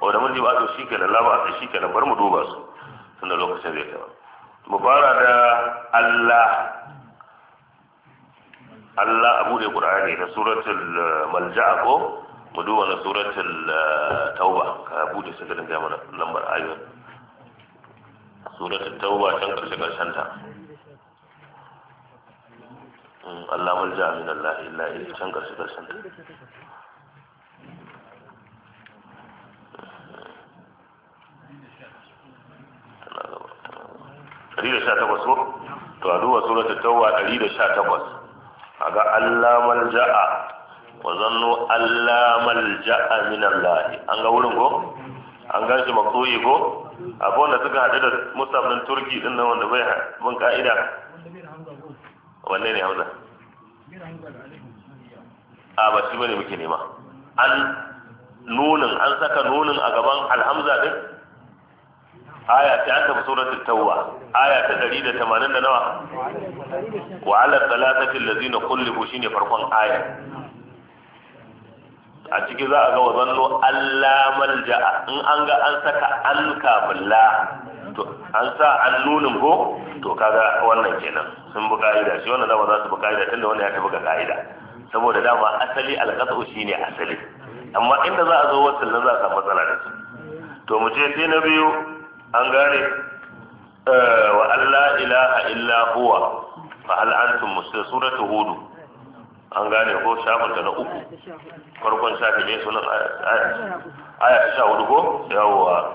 A: o da mun ji ba shi da laba a shi da bar mu duba su da lokacin ya kama mu fara da Allah Allah abu da Qur'ani da suratul eh, malja'a ko mu duba na suratul eh, tauba ka abu da sai da mana lambar ayoyin suratul tauba can karshe karshen ta hmm, Allah malja'a min Allah illa illa can karshe karshen ta 118 ko to a duba suratul tauba 118 kaga Allah malja'a wa zannu Allah malja'a min Allah an ga wurin ko an ga shi maksoyi ko akwai wanda suka hadu da musab din turki din nan wanda bai bin ka'ida wanne ne hamza a ba shi bane muke nema an nunin an saka nunin a gaban alhamza din aya ta aka suratul tawba aya ta 180 da nawa wa ala thalathati allazina kullibu shine farkon aya a ciki za a ga wazanno Allah malja'a in an ga an saka an kafin an sa an nunin ko to kaga wannan kenan sun bi ka'ida shi dama za su bi tunda ya tafi saboda dama asali shi ne asali amma inda za a zo wasu na za a samu matsala da su to mu ce sai na biyu an gane eh, wa Allah ilaha illa huwa fa hal antum muslim suratu hud an gane ko shafin da na uku farkon shafi ne sunan aya ta sha hudu ko yawwa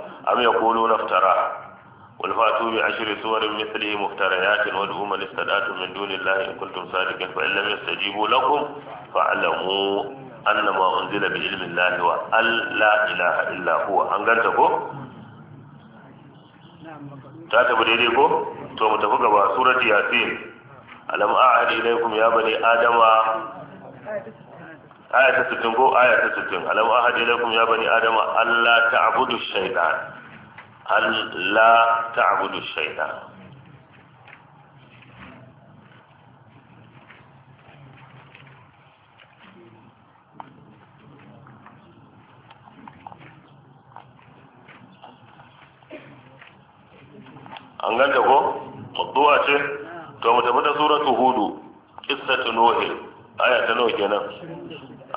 A: am ta tafi daidai ko to mu tafi gaba surati yasin alam a'ad ilaykum ya bani adama aya ta 60 ko aya ta 60 alam a'ad ilaykum ya bani adama alla ta'budu shaytan alla ta'budu shaytan an ganta ko mabdu'a ce to mu tafi ta suratu hudu qissatu nuhi aya ta nawa kenan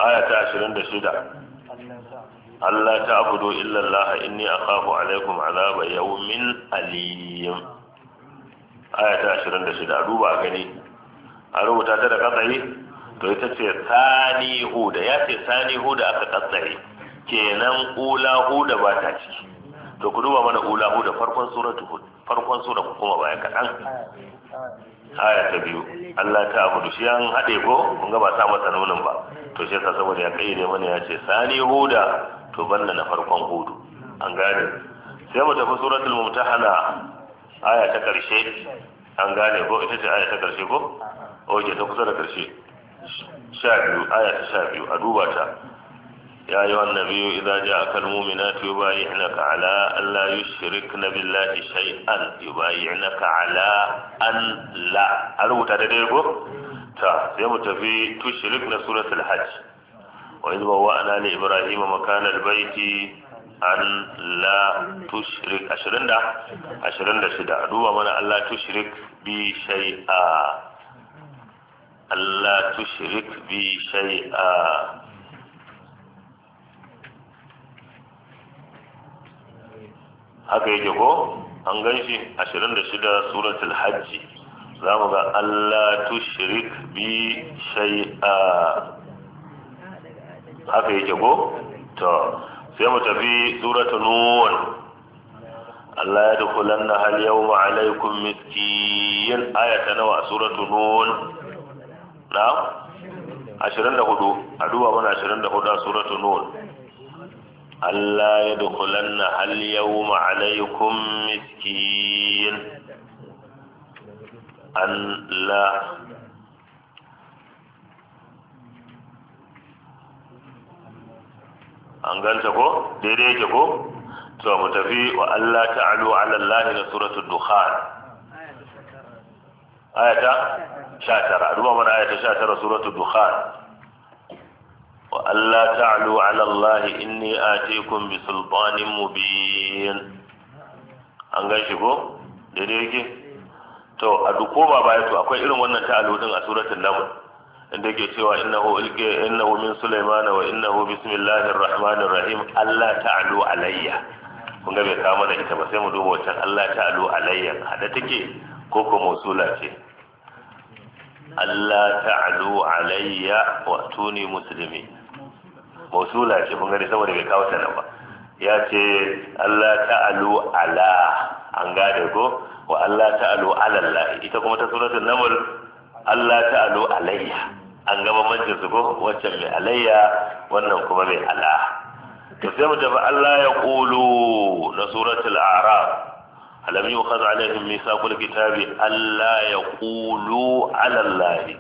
A: aya ta 26 Allah ta abudu illa Allah inni akhafu alaikum azaba yawmin alim aya ta 26 a duba a gani a rubuta ta da katsayi to ita ce sani huda ya ce sani huda aka katsayi kenan ula huda ba ta ciki to ku duba mana ulahu da farkon suratu hud farkon sura ku koma baya kaɗan aya ta biyu Allah ta abudu shi an haɗe ko kun ga ba sa masa nunin ba to shi yasa saboda ya kayyade mana ya ce sani huda to banda na farkon hudu an gane sai mu tafi suratul mumtahana aya ta karshe an gane ko ita ce aya ta karshe ko oke ta kusa da karshe sha biyu aya ta sha biyu a duba ta يا أيها النبي إذا جاءك المؤمنات يبايعنك على أن لا يشركن بالله شيئا يبايعنك على أن لا هل متدريبه؟ تا سيمت في تشركن سورة الحج وإذ بوأنا لإبراهيم مكان البيت أن لا تشرك أشرين ده أشرين ده شدة دوبا من أن لا تشرك بشيئا أن لا تشرك بشيئا haka yake ko an gan shi 26 suratul hajji za mu ga Allah shirik bi shay'a haka yake ko to sai mu tafi suratul nun Allah ya dukulanna hal yawma alaikum miskin ayata nawa suratul nun da 24 a duwa mana 24 a suratul nun ألا يدخلن اليوم عليكم مسكين أن لا an ganta ko daidai yake ko to mu tafi wa Allah ta'alu ala Allah na suratul dukhan ayata 19 duba mana ayata 19 suratul dukhan وألا تعلوا على الله إني آتيكم بسلطان مبين an gan shi ko daidai yake to a duk ko ba baya to akwai irin wannan ta'alu din a suratul naml inda yake cewa innahu ilke innahu min sulaiman wa innahu bismillahir rahmanir rahim Allah ta'alu alayya kun ga bai kawo mana ita ba sai mu duba wancan Allah ta'alu alayya hada take ko ko musula ce Allah ta'alu alayya wa tuni muslimin mausula ce kun gani saboda bai kawo sanan ba ya ce Allah ta'alu ala an gane ko wa Allah ta'alu ala Allah ita kuma ta suratul naml Allah ta'alu alayya an gaba mancin su ko waccan mai alayya wannan kuma mai ala to sai mu tafi Allah ya kulu na suratul a'raf alam yukhaz alaihim mithaqul kitabi Allah ya kulu ala allahi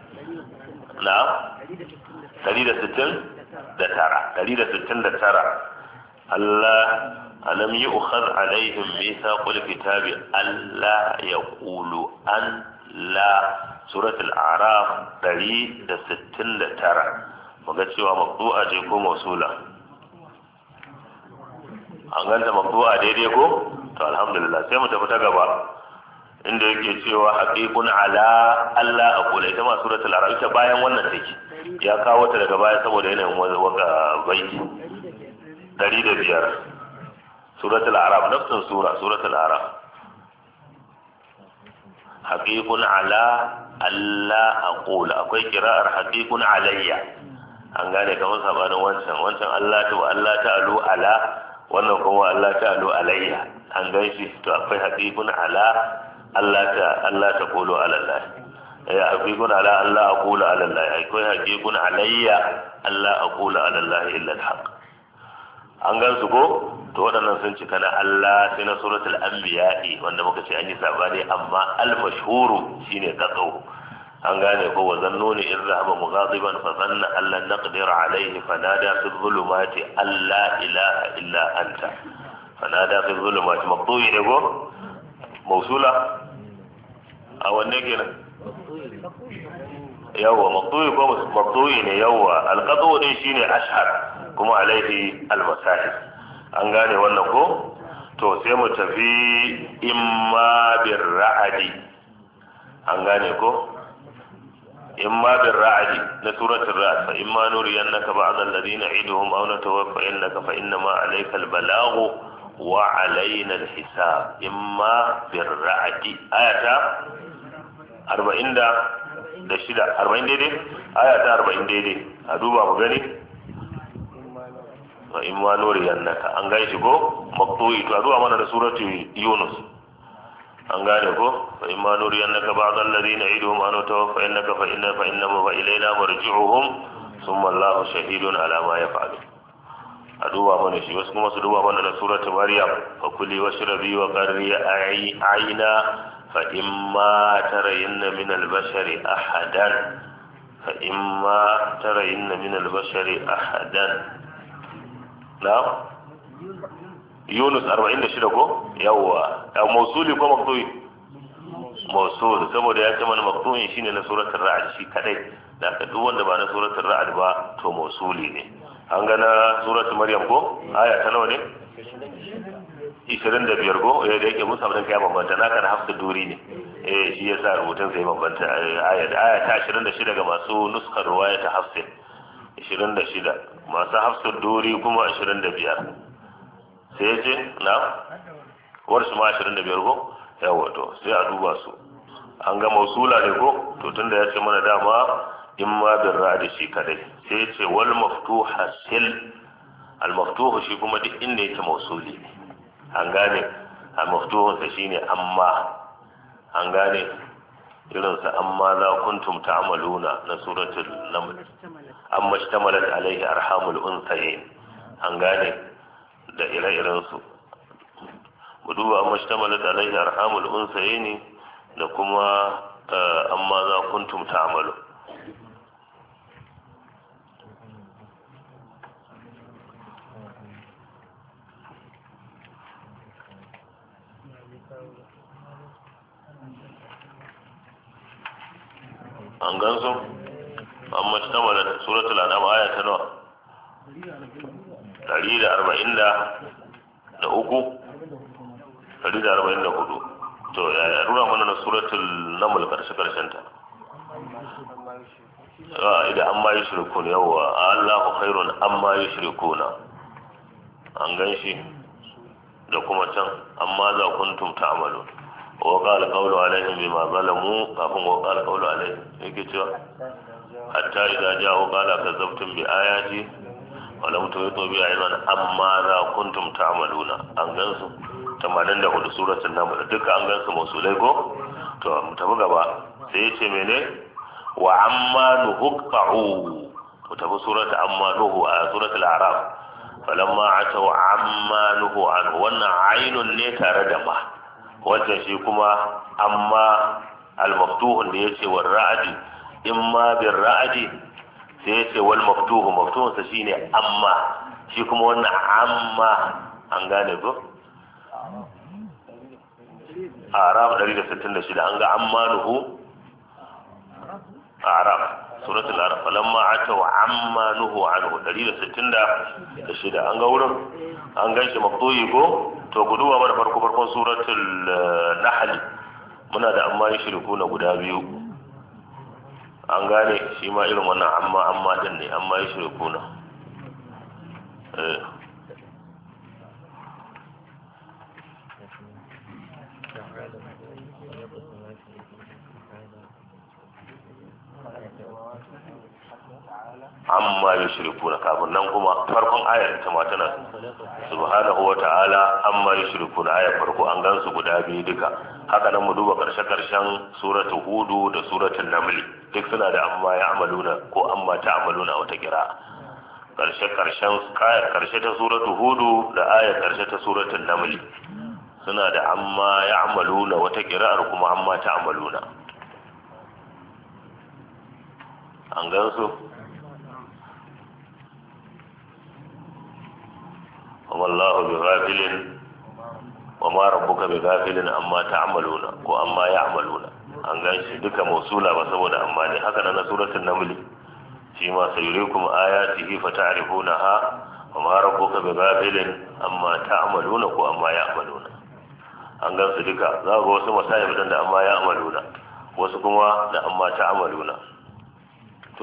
A: na'am 160 da tara ɗari da sittin da tara Allah alam yi ukhaz alaihim mithaqul kitabi Allah ya qulu an la suratul araf ɗari da sittin da tara muga cewa maqdu'a ce ko mausula an ganta maqdu'a daidai ko to alhamdulillah sai mu tafi ta gaba inda yake cewa haqiqun ala Allah aqula ita ma suratul araf ita bayan wannan take ya kawo ta daga baya saboda yanayin waka bai dari da biyar suratul arab nafsin sura suratul arab haqiqun ala alla aqul akwai kira'ar haqiqun alayya an gane kamar sabanin wancan wancan Allah ta Allah ta alu ala wannan kuma Allah ta alu alayya an gaishe to akwai haqiqun ala Allah ta Allah ta qulu ala Allah ya eh, haqiqun ala Allah aqulu ala Allah ai ko haqiqun alayya Allah aqulu ala Allah illa al an gan su ko to waɗannan sun cika na Allah sai na suratul anbiya'i wanda muka ce an yi sabani amma al-mashhuru shine taqaw an gane ko wa zannu ne in zahaba mughadiban fa zanna alla naqdir alayhi fanada fi dhulumati alla ilaha illa anta fanada fi dhulumati maqtu'i ne ko mausula a wanne kenan yawwa maqtu'i ko maqtu'i ne yawwa alqatu ne shine ashhar kuma alaihi almasahib an gane wannan ko to sai mu tafi imma bir ra'adi an gane ko imma bir ra'adi na suratul ra'd fa imma nuriyannaka ba'd alladhina iduhum aw natawaffayannaka fa ma alayka albalagu wa alaina alhisab imma bir ra'adi ayata arba'in da da shida arba'in daidai aya ta arba'in daidai a duba mu gani wa in ma nuri yannaka an gane shi ko maktoyi to a duba mana da suratu yunus an gane ko wa in ma nuri yannaka ba'd alladhina ya'iduhum an tawaffa innaka fa inna fa inna fa ilayna marji'uhum sun allahu shahidun alama ma faɗo. a duba mana shi wasu kuma su duba mana da suratu maryam fa kuli rabi wa ya aina. فإما ترين من البشر أحدا فإما ترين من البشر أحدا نعم يونس 46 ko yawa a mausuli ko maktubi mausul saboda ya ce mana maktubin shine na suratul ra'd shi kadai da ka duk wanda ba na suratul ra'd ba to mausuli ne an gana suratul maryam ko aya ta nawa ne ishirin da biyar ko eh, da yake musa abin ya bambanta na kan hafsa duri ne eh shi yasa rubutun sai bambanta eh, aya aya ta ashirin da shida ga masu nuskar ruwaya ta hafsin ashirin da shida masu hafsa duri kuma ashirin da biyar sai ya ce na warsu ma ashirin da biyar ko yawa to sai a duba su an ga mausula ne ko to tunda ya ce mana dama in ma bin ra'adi shi kadai sai ya ce wal maftuha sil al maftuha shi kuma duk inda yake mausuli ne an gane a sa shine amma an gane irinsa amma za kuntum ta'maluna na suratul naml amma shtamalat alaihi arhamul unsayin an gane da ire-irensu mu duba amma shtamalat alaihi arhamul unsayin da kuma eh, amma za kuntum ta'malu
B: an gan su an mace tama da suratul
A: anam aya ta nawa dari da arba'in da da uku dari da arba'in da hudu to ya rura mana na suratul namul karshe karshen ta idan an ma yi shirikun yawwa allahu khairun an ma yi shirikuna an gan shi da kuma can amma za kuntum ta amalu وقال قول عليهم بما ظلموا wa qala qawlu عليهم yake cewa hatta idza ja'u qala kazabtum bi ayati wa lam tu'tu bi ayman amma za kuntum ta'maluna an gansu 84 suratul naml duka an gansu musulai ko to mu tafi gaba sai yace mene wa amma nuqta'u mu tafi suratul amma nuhu a suratul a'raf falamma atau amma nuhu an wannan ainun ne tare da ma wancan shi kuma amma al-maftuhun da yace wal ra'di imma bil ra'di sai yace wal maftuhu maftuhun sa shine amma shi kuma wannan amma an gane ko arab 166 an ga amma nuhu arab suratul arab falamma wa amma nuhu anhu 166 an ga wurin an ganshi maftuhi ko to duba mana farko farkon suratul eh, nahl muna da amma shirku na guda biyu an gane shi ma irin wannan amma amma din ne amma shirku na eh amma yushrikuna kafin nan kuma farkon ayar ta ma tana subhanahu wa ta'ala amma yushrikuna ayar farko an gansu guda biyu duka haka nan mu duba karshe karshen suratul hudu da suratul naml duk suna da amma ya amaluna ko amma ta amaluna wata kira karshe karshen ayar karshe ta suratul hudu da ayar karshe ta suratul naml suna da amma ya amaluna wata kira'ar kuma amma ta amaluna an gansu وما الله بغافل وما ربك بغافل أما تعملون وأما يعملون an gan duka mausula ba saboda amma ne haka na suratul naml shi ma sayurikum ayatihi fata'rifunaha wa ma rabbuka bighafilin amma ta'maluna ko amma ya'maluna an gan duka za ga wasu masayib dan da amma ya'maluna wasu kuma da amma ta'maluna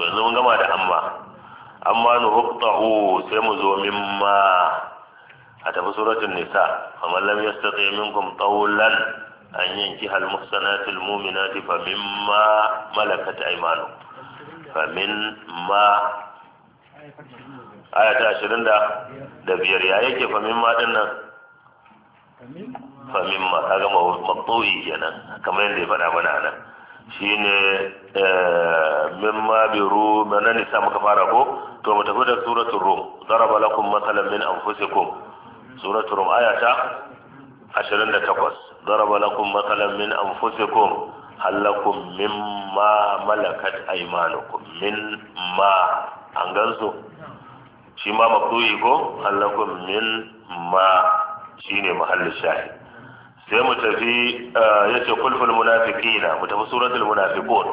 A: to yanzu mun gama da amma amma nuqta'u sai mu zo mimma a tafi suratul nisa faman lam yastati minkum tawlan an yankiha al muhsanatil mu'minati fa mimma malakat aymanu fa min ma aya ta 20 da biyar ya yake fa mimma din nan fa mimma kaga maqtu'i kenan kamar yadda ya faɗa mana nan shine eh, mimma bi ru manan nisa muka fara ko to mu tafi da suratul rum daraba lakum masalan min anfusikum suratul rum ayata 28 daraba lakum matalan min anfusikum hal lakum mimma malakat aymanukum min ma an gansu shi ma makruhi ko hal min ma shine mahallin shahid sai mu tafi yace kulful munafiqina mu tafi suratul munafiqun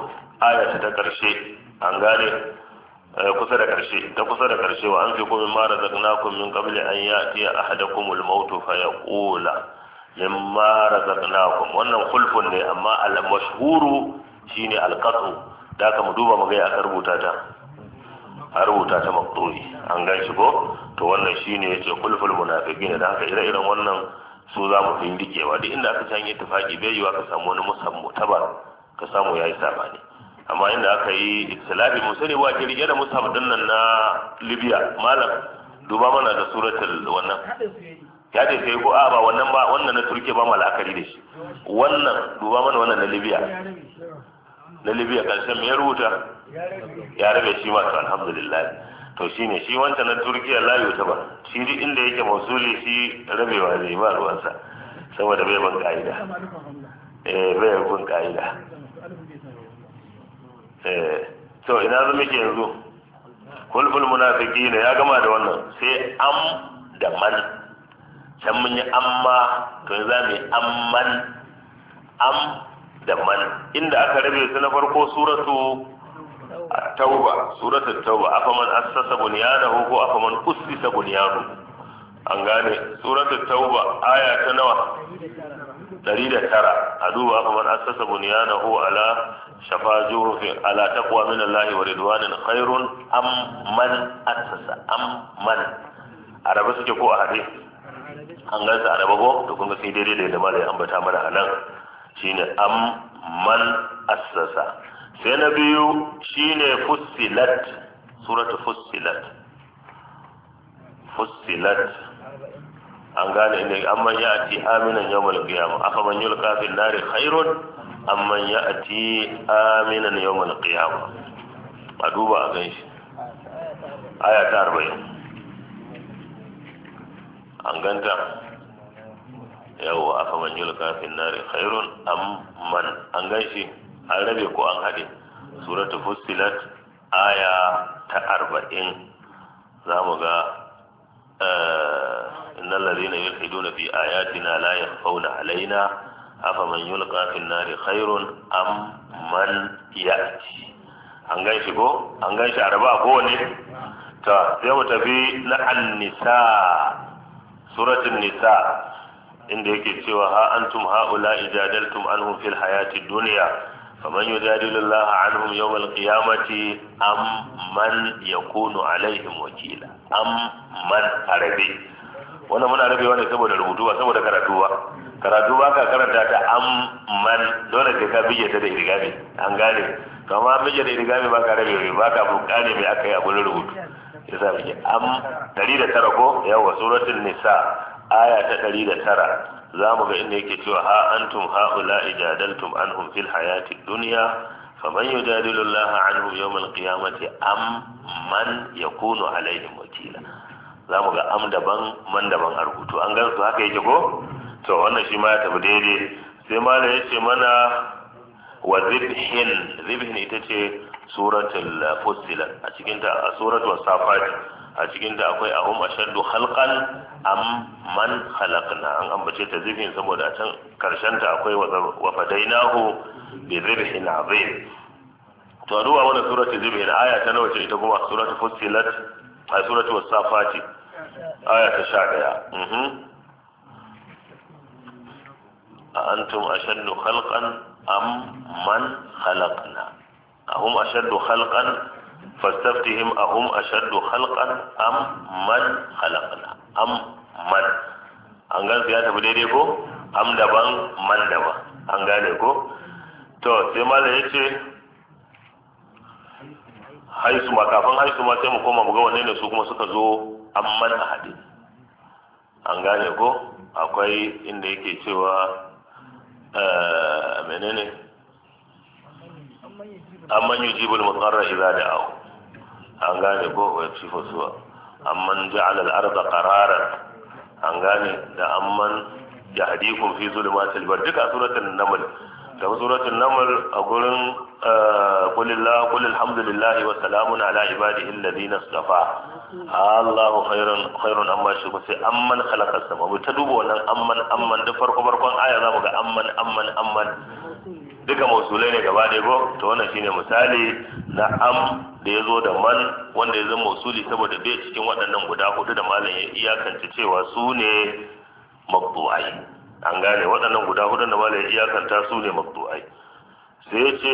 A: aya ta karshe an gane Eh, kusa da karshe ta kusa da karshe wa an fi kuma mara kun min qabli an a hada kuma maut fa mara mimma kun wannan kulfun ne amma al mashhuru ne al qatu da aka mu duba mu gaya aka rubuta ta a rubuta ta maqturi an gan shi ko to wannan shi ne ya ce yace munafiki ne da haka ire-iren wannan su za mu fi duk inda aka can yi tufaki bai yiwa ka samu wani musamman tabar ka samu ya yi sabani amma inda aka yi ikhtilafi mu sani wa kirge da musa dinnan nan na Libya malam duba mana da suratul wannan ya ce sai ko a ba wannan ba wannan na turke ba mala'akari da shi wannan duba mana wannan na Libya na Libya karshen mai rubuta ya rabe shi ma alhamdulillah to shi ne shi wancan na turkiya layu ta ba shi duk inda yake mausuli shi rabewa ne ba ruwansa saboda bai ban ka'ida eh bai ban ka'ida Eh, to ina zama ke yanzu kulful munafiki ne ya gama da wannan sai am da man can mun yi amma to yanzu za amman am da man inda aka rabe su na farko suratu tauba suratu tauba afa man assasa bunyana ko afa man ussisa bunyanahu an gane suratu tauba aya ta nawa ɗari da tara a duba kamar asasa hu ala shafa jurufin ala taqwa min Allah wa ridwanin khairun am man asasa am man arabe suke ko a hade an su arabe ko to kun ga sai daidai da yadda malai ambata mana a nan shine am man asasa sai na biyu shine fussilat suratu fussilat fussilat an gane ne amma ya ati aminan yawmal qiyama afa man yulqa fil nari khairun amma ya ati aminan yawmal qiyama a duba a ganshi aya ta 40 an ganta yau afa man yulqa fil nari khairun amma an ganshi an rabe ko an hade suratul fusilat aya ta za zamu ga إن الذين يلحدون في آياتنا لا يخفون علينا أفمن يلقى في النار خير أم من يأتي an gan shi ko an gan shi a kowane ko ne ta sai mu tafi na nisa suratul nisa inda yake cewa ha antum haula ijadaltum anhum fil hayati dunya فمن يجادل الله عنهم يوم القيامة أم من يكون عليهم وكيلا أم من عربي wannan muna rabewa ne saboda rubutu ba saboda karatu ba karatu ba ka karanta ta am man dole sai ka bige ta an gane kama bige da irgami ba ka rabe ba ka bukane mai aka yi a gurin rubutu yasa bige am 109 ko yawa suratul nisa aya ta 109 za mu ga inda yake cewa ha antum ha'ula ijadaltum anhum fil hayati dunya faman yujadilu Allah anhum yawm al-qiyamati am man yakunu alaihim wakila za mu ga am daban man daban a rubutu an gan su haka yake ko to wannan shi ma ya tafi daidai sai malam ya ce mana wa zibhin zibhin ita ce suratul fusilat a cikin ta suratul safat a cikin da akwai ahum ashaddu khalqan am man khalaqna an ambace ta zibin saboda a can karshen ta akwai wa fadainahu bi ribhin azim to a duba wannan surati zibhin aya ta nawa ce ita kuma surati fussilat a surati wasafati aya ta 11 mhm a antum ashaddu khalqan am man khalaqna ahum ashaddu khalqan fastaftihim ahum ashaddu khalqan am man khalaqna am man an gan ya tafi daidai ko am daban man daban an gane ko to sai malam ce haisu ma kafin haisu ma sai mu koma mu ga wanne ne su kuma suka zo am man a hade an gane ko akwai inda yake cewa menene amman yujibul mutarra a da'ahu an gane ko ya ci fasuwa amman ja'ala al-arda qararan an gane da amman kun fi zulumatil bar duka suratul naml da suratul naml a gurin eh, qulillah qul alhamdulillahi wa salamun ala ibadihi alladhina istafa Allahu khairun khairun amma shi ba sai amman khalaqa samawi ta duba wannan amman amman da farko farkon aya zamu ga amman amman amman duka mausulai ne gaba ɗaya ko to wannan shine misali na am da ya zo da man wanda ya zama mausuli saboda bai cikin waɗannan guda hudu da malam ya iyakance cewa su ne maqtu'ai an gane waɗannan guda hudu da malam ya iyakanta su ne maqtu'ai sai ya ce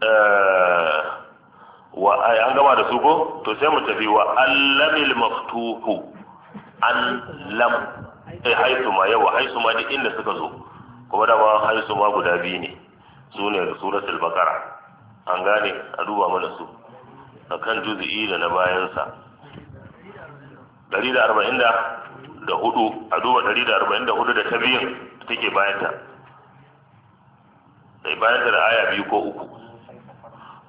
A: eh, an gama da su ko to sai mu tafi wa allamil maftuhu an lam ai eh, haisu ma yawa haisu ma duk inda suka zo kuma da ba haisu ma guda biyu ne su ne da suratul bakara an gane a duba mana su kan juzi'i da na bayansa 140 da hudu a duba da ta biyun take bayanta da bayanta da aya biyu ko uku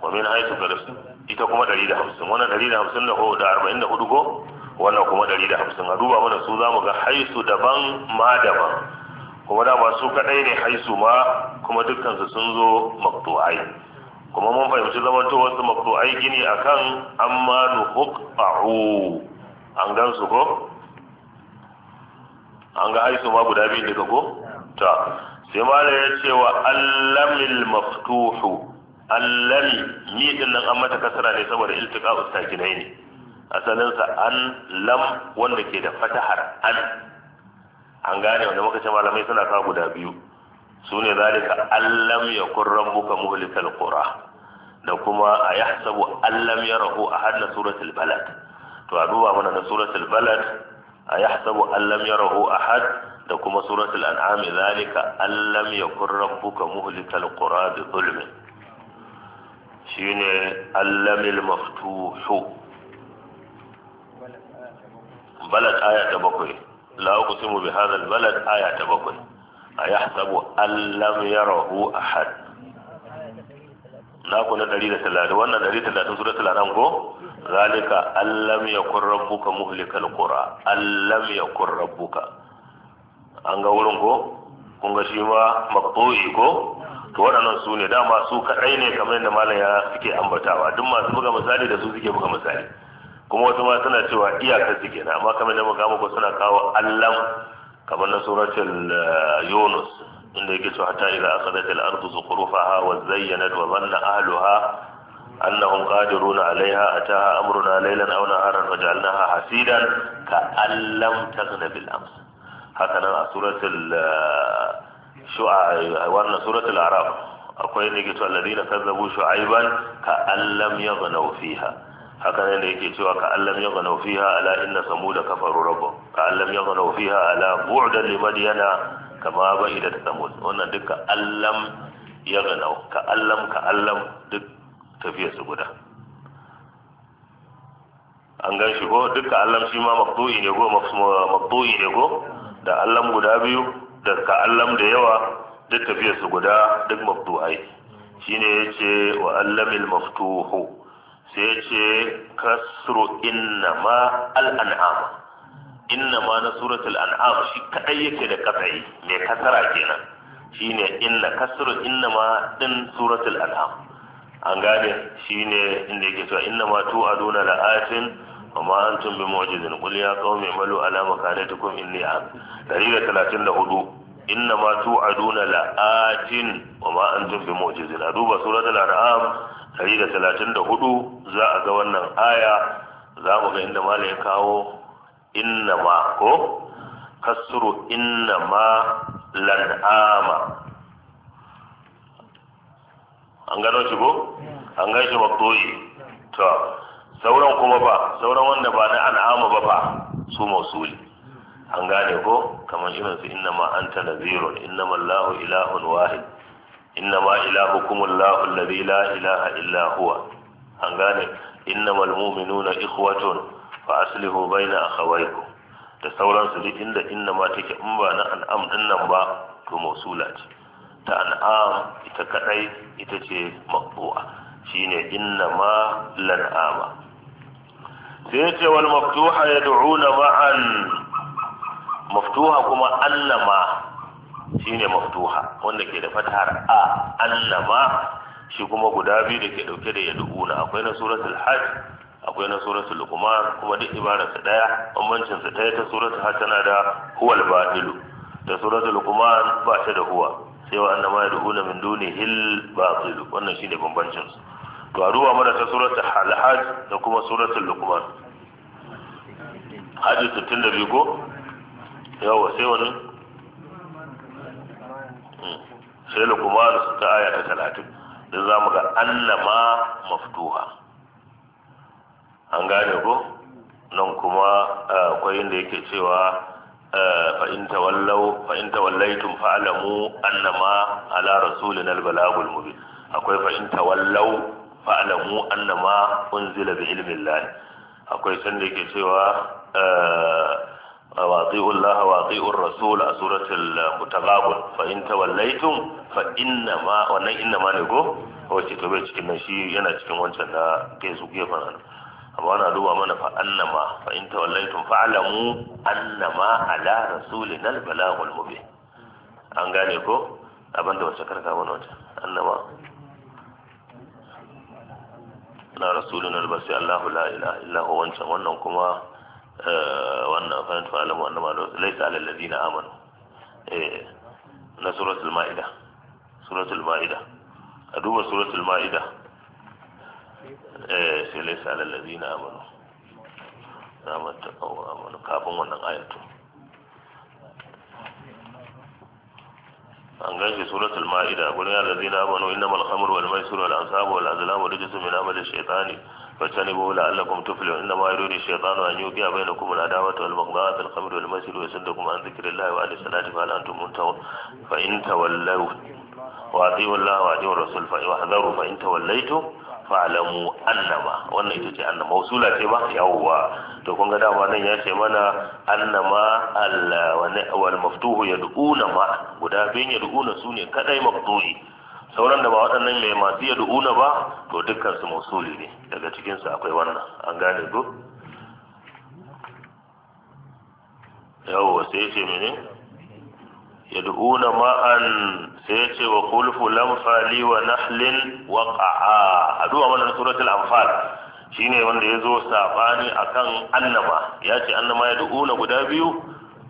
A: wa min haisu galasu ita kuma 150 wannan 150 da 44 ko wannan kuma 150 a duba mana su za mu ga haisu daban ma daban kuma da ba su kadai ne haisu ma kuma dukkan su sun zo maktu'ai kuma mun fahimci zamanto wasu mafi aiki ne amma kan an gan su ko an ga haisu ma guda biyu daga ko ta sai da ya ce wa allamil maftuhu allami ni din nan an mata kasara ne saboda iltiqa ustakinai ne asalinsa an lam wanda ke da fatahar an an gane wanda muka ce malamai suna kawo guda biyu su ne zalika allam ya kurran buka muhlikal qura da kuma a yahsabu allam ya rahu a hadda suratul balad to a duba mana na suratul balad a yahsabu allam ya rahu a had da kuma suratul an'am zalika allam ya kurran buka muhlikal qura bi zulmin shine allamil maftuhu balad aya ta bakwai la uqsimu bi hadha al balad aya ta bakwai a ya sabu allam ya rahu a had na kuna 130 wannan 130 suratul anam ko zalika allam yakun rabbuka muhlikal qura allam yakun rabbuka an ga wurin ko kun ga shi ma maqtu'i ko to waɗannan su ne dama su kaɗai ne kamar yadda malam ya suke ambatawa duk masu buga misali da su suke buga misali kuma wasu ma suna cewa iyakar su kenan amma kamar yadda muka muku suna kawo allam kamar na suratul eh, yunus inda yake cewa hatta idza akhadat al-ardu zukhrufaha wa zayyanat wa dhanna ahluha annahum qadiruna 'alayha ataha amruna laylan aw naharan faj'alnaha hasidan ka allam taghna bil ams haka nan a suratul eh, shu'a eh, wannan suratul a'raf akwai ne ke cewa alladhina kazzabu shu'ayban ka allam yaghnaw fiha haka ne da yake cewa ka allam ya gano fiha ala inna da kafaru rabbu ka allam ya gano fiha ala bu'dan li madyana kama ba'ida da samu wannan duka allam ya gano ka allam ka allam duk tafiya su guda an gan shi ko duka allam shi ma maqdu'i ne go maqdu'i ne go da allam guda biyu da ka allam da yawa duk tafiya su guda duk maqdu'ai shine yace wa allamil maftuhu sai ce kasro inna ma al'an'am inna ma na suratul an'am shi kaɗai yake da kasai mai kasara kenan shine inna kasro inna ma ɗin suratul an'am an gane ne inda yake cewa inna ma tu'aduna la'atin wa ma antum bi mu'jizin qul ya qaumi malu ala makanatikum inni ab 134 inna ma tu'aduna la'atin wa ma antum bi mu'jizin a duba suratul an'am da da talatin hudu za a ga wannan aya za mu ga inda mala ya kawo inna ma ko kasuru inna ma lan'ama an gano shi ko an gano shi maktoyi to sauran kuma ba sauran wanda ba na an'ama ba ba su mausuli an gane ko kamar irin su inna ma anta nazirun inna ma allahu ilahun wahid إنما إلهكم الله الذي لا إله إلا هو أنغاني إنما المؤمنون إخوة فأصلحوا بين أخويكم da sauransu duk inda innama take in ba na an'am din nan ba to mausula ce ta an'am ita kadai ita ce maqbu'a shine innama lan'ama sai ce wal maftuha yad'una ma'an maftuha kuma allama Shi ne mafduha wanda ke da fatahar a annama shi kuma guda biyu da ke dauke da yaduuna akwai na suratul hajj akwai na suratul luqman kuma duk ibara su daya bambancin su daya ta suratul hajj tana da huwal batilu da suratul luqman ba ta da huwa sai wa annama yaduuna min hil batilu wannan shine bambancin su to a ruwa mana ta suratul hajj da kuma suratul luqman hajj 62 ko yawa sai wani sai kuma su ta aya ta talatin da za mu ga allama maftuha an gane ko nan kuma eh, akwai inda yake cewa eh, fa'inta wallau wallaitun fa'alamu annama ala rasulina albalagul mubin akwai fa'inta wallau fa'alamu annama unzila bi ilmin akwai sanda yake cewa eh, واطيعوا الله واطيعوا الرسول سورة المتغابن فإن توليتم فإنما wannan إنما نقول هو تتوبة cikin nan shi yana cikin wancan da ke su gefen nan amma ana duba mana fa annama fa in tawallaitum fa'lamu ala an gane ko abinda wace karka mana wata annama na rasulina al Allahu la ilaha illa wancan wannan kuma Eh, wannan fanat fa'alam wa annama law laysa alal ladina amanu eh na suratul maida suratul maida a duba suratul maida eh sai laysa alal ladina amanu na mata kawo oh, amanu kafin wannan ayatu an gashi suratul ma'ida gurin ya lazina amanu innamal khamru wal maisir wal ansab wal azlam wa rijsu min amali فاجتنبوه لعلكم تفلحون انما يريد الشيطان ان يوقع بينكم العداوه والبغضاء في الخمر والمسجد ويصدكم عن ذكر الله وعن الصلاه فهل انتم منتهون فان تولوا واطيعوا الله واطيعوا الرسول واحذروا فان توليتم fa'alamu annama wannan ita ce annama wasula ce ba yawwa to kun ga dama nan ya ce mana annama Allah wal maftuhu yad'una ma guda biyun yad'una sune kadai maftuhi sauran da ba waɗannan mai masu ya una ba to dukkan su musuli ne daga cikinsu akwai wannan an gane ko yawo sai ce mene yadda una ma'an sai ya ce wa kulfu lamfali wa nahlin wa qa'a addu'a wannan suratul shi ne wanda ya zo saɓani a kan annama ya ce annama ya guda biyu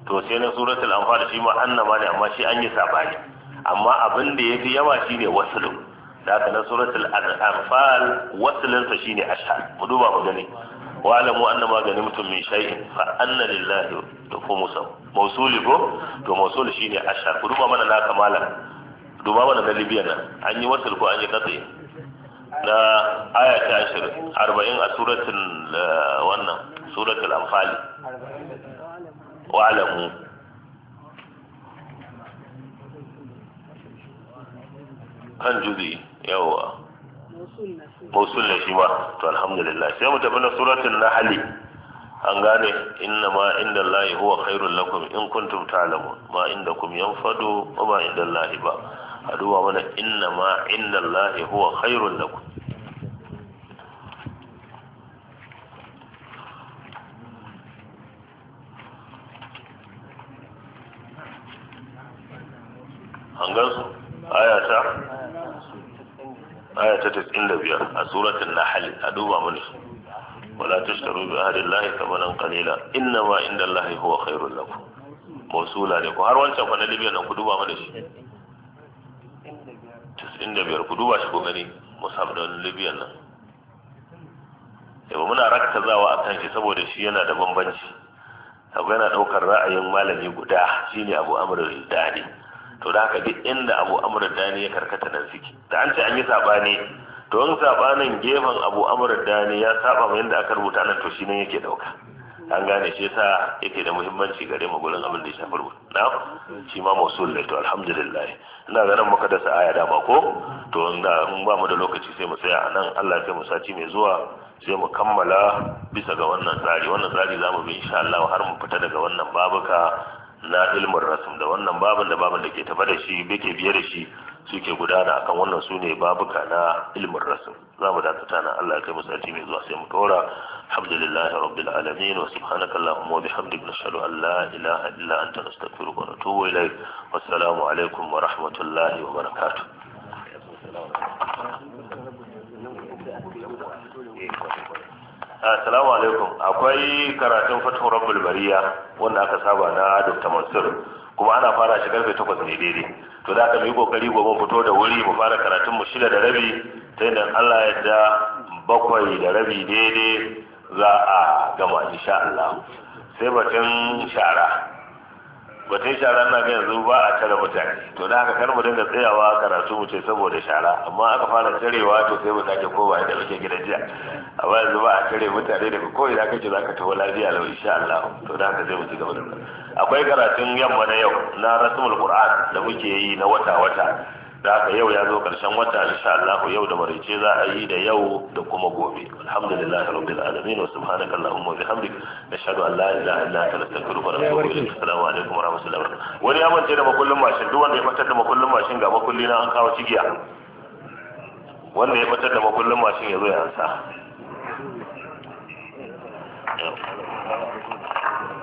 A: to sai na suratul amfal shi ma annama ne amma shi an yi saɓani amma abin da fi yawa shine waslu da haka na suratul anfal waslun sa shine ashar mu duba mu gani wa alamu anna ma ganimtum min shay'in fa anna lillahi khumsahu mausuli ko to mausuli shine ashar ku duba mana na kamala duba mana na libya nan an yi wasul ko an yi katsi na aya ta ashirin arba'in a suratul eh, wannan suratul anfali wa alamu kan juzi yawa to alhamdulillah sai mu tafi na suratul nahl an gane inna ma inda Allahi huwa khairul lakum in kuntum ta'lamun ma kum yanfadu wa ma inda lahi ba a mana inna ma inda Allahi huwa khairul lakum an gansu ayata aya ta tasin da biyar a suratun nahal a duba muni wala tashtaru bi ahdillahi thamanan qalila inna ma inda allahi huwa khairul lakum mausula ne ku har wancan fa na libyan ku duba mana shi tasin da biyar ku duba shi ko gani musab da libyan nan yaba muna rakkazawa a kan shi saboda shi yana da bambanci akwai yana ɗaukar ra'ayin malami guda shine abu amrul dadi to da haka duk inda abu amr dani ya karkata nan suke da an ce an yi sabani to in sabanin gefen abu amr dani ya saba mai yadda aka rubuta nan to shi ne yake dauka an gane shi yasa yake da muhimmanci gare mu gurin abin da ya shafi rubutu na shi ma mosul ne to alhamdulillah ina ganin muka Sa'a ya dama ko to mun ba mu da lokaci sai mu tsaya anan nan Allah sai mu saci mai zuwa sai mu kammala bisa ga wannan tsari wannan tsari za mu bi insha Allah har mu fita daga wannan babuka na ilmin rasul da wannan babin da babin da ke tafa da shi ke biye da shi suke gudana akan wannan su ne babuka na ilmin rasul za mu dakata na Allah kai musati mai zuwa sai mu tora alhamdulillahi rabbil alamin wa subhanaka allahumma wa bihamdika nashhadu an la ilaha illa anta nastaghfiruka wa natubu ilayk alaikum wa rahmatullahi wa barakatuh assalamu alaikum akwai karatun fatuhu rabbul bariya wanda aka saba na dr mansur kuma ana fara shi karfe takwas ne daidai to da ka mu yi kokari gobe mu fito da wuri mu fara karatun mu shida da rabi ta yadda allah ya da bakwai da rabi daidai za a gama insha allah sai batun shara ba ta shara na ga yanzu ba a tare mutane to da aka kar mu dinga tsayawa karatu mu ce saboda shara amma aka fara tarewa to sai mu sake kowa da muke gidan jiya amma yanzu ba a tare mutane daga ko ina kake zaka taho lafiya lau insha Allah to da aka zai mu ci gaba da akwai karatun yamma na yau na rasmul qur'an da muke yi na wata wata da haka yau ya zo karshen wata insha Allah yau da barice za a yi da yau da kuma gobe alhamdulillahi rabbil alamin wa subhanaka allahumma wa bihamdika nashhadu an la ilaha illa anta astaghfiruka wa atubu ilayk assalamu alaikum wa rahmatullahi wa barakatuh wani ya mance da makullin mashin duk wanda ya fitar da makullin mashin ga makulli na an kawo cigiya wanda ya fitar da makullin mashin ya zo ya
B: ansa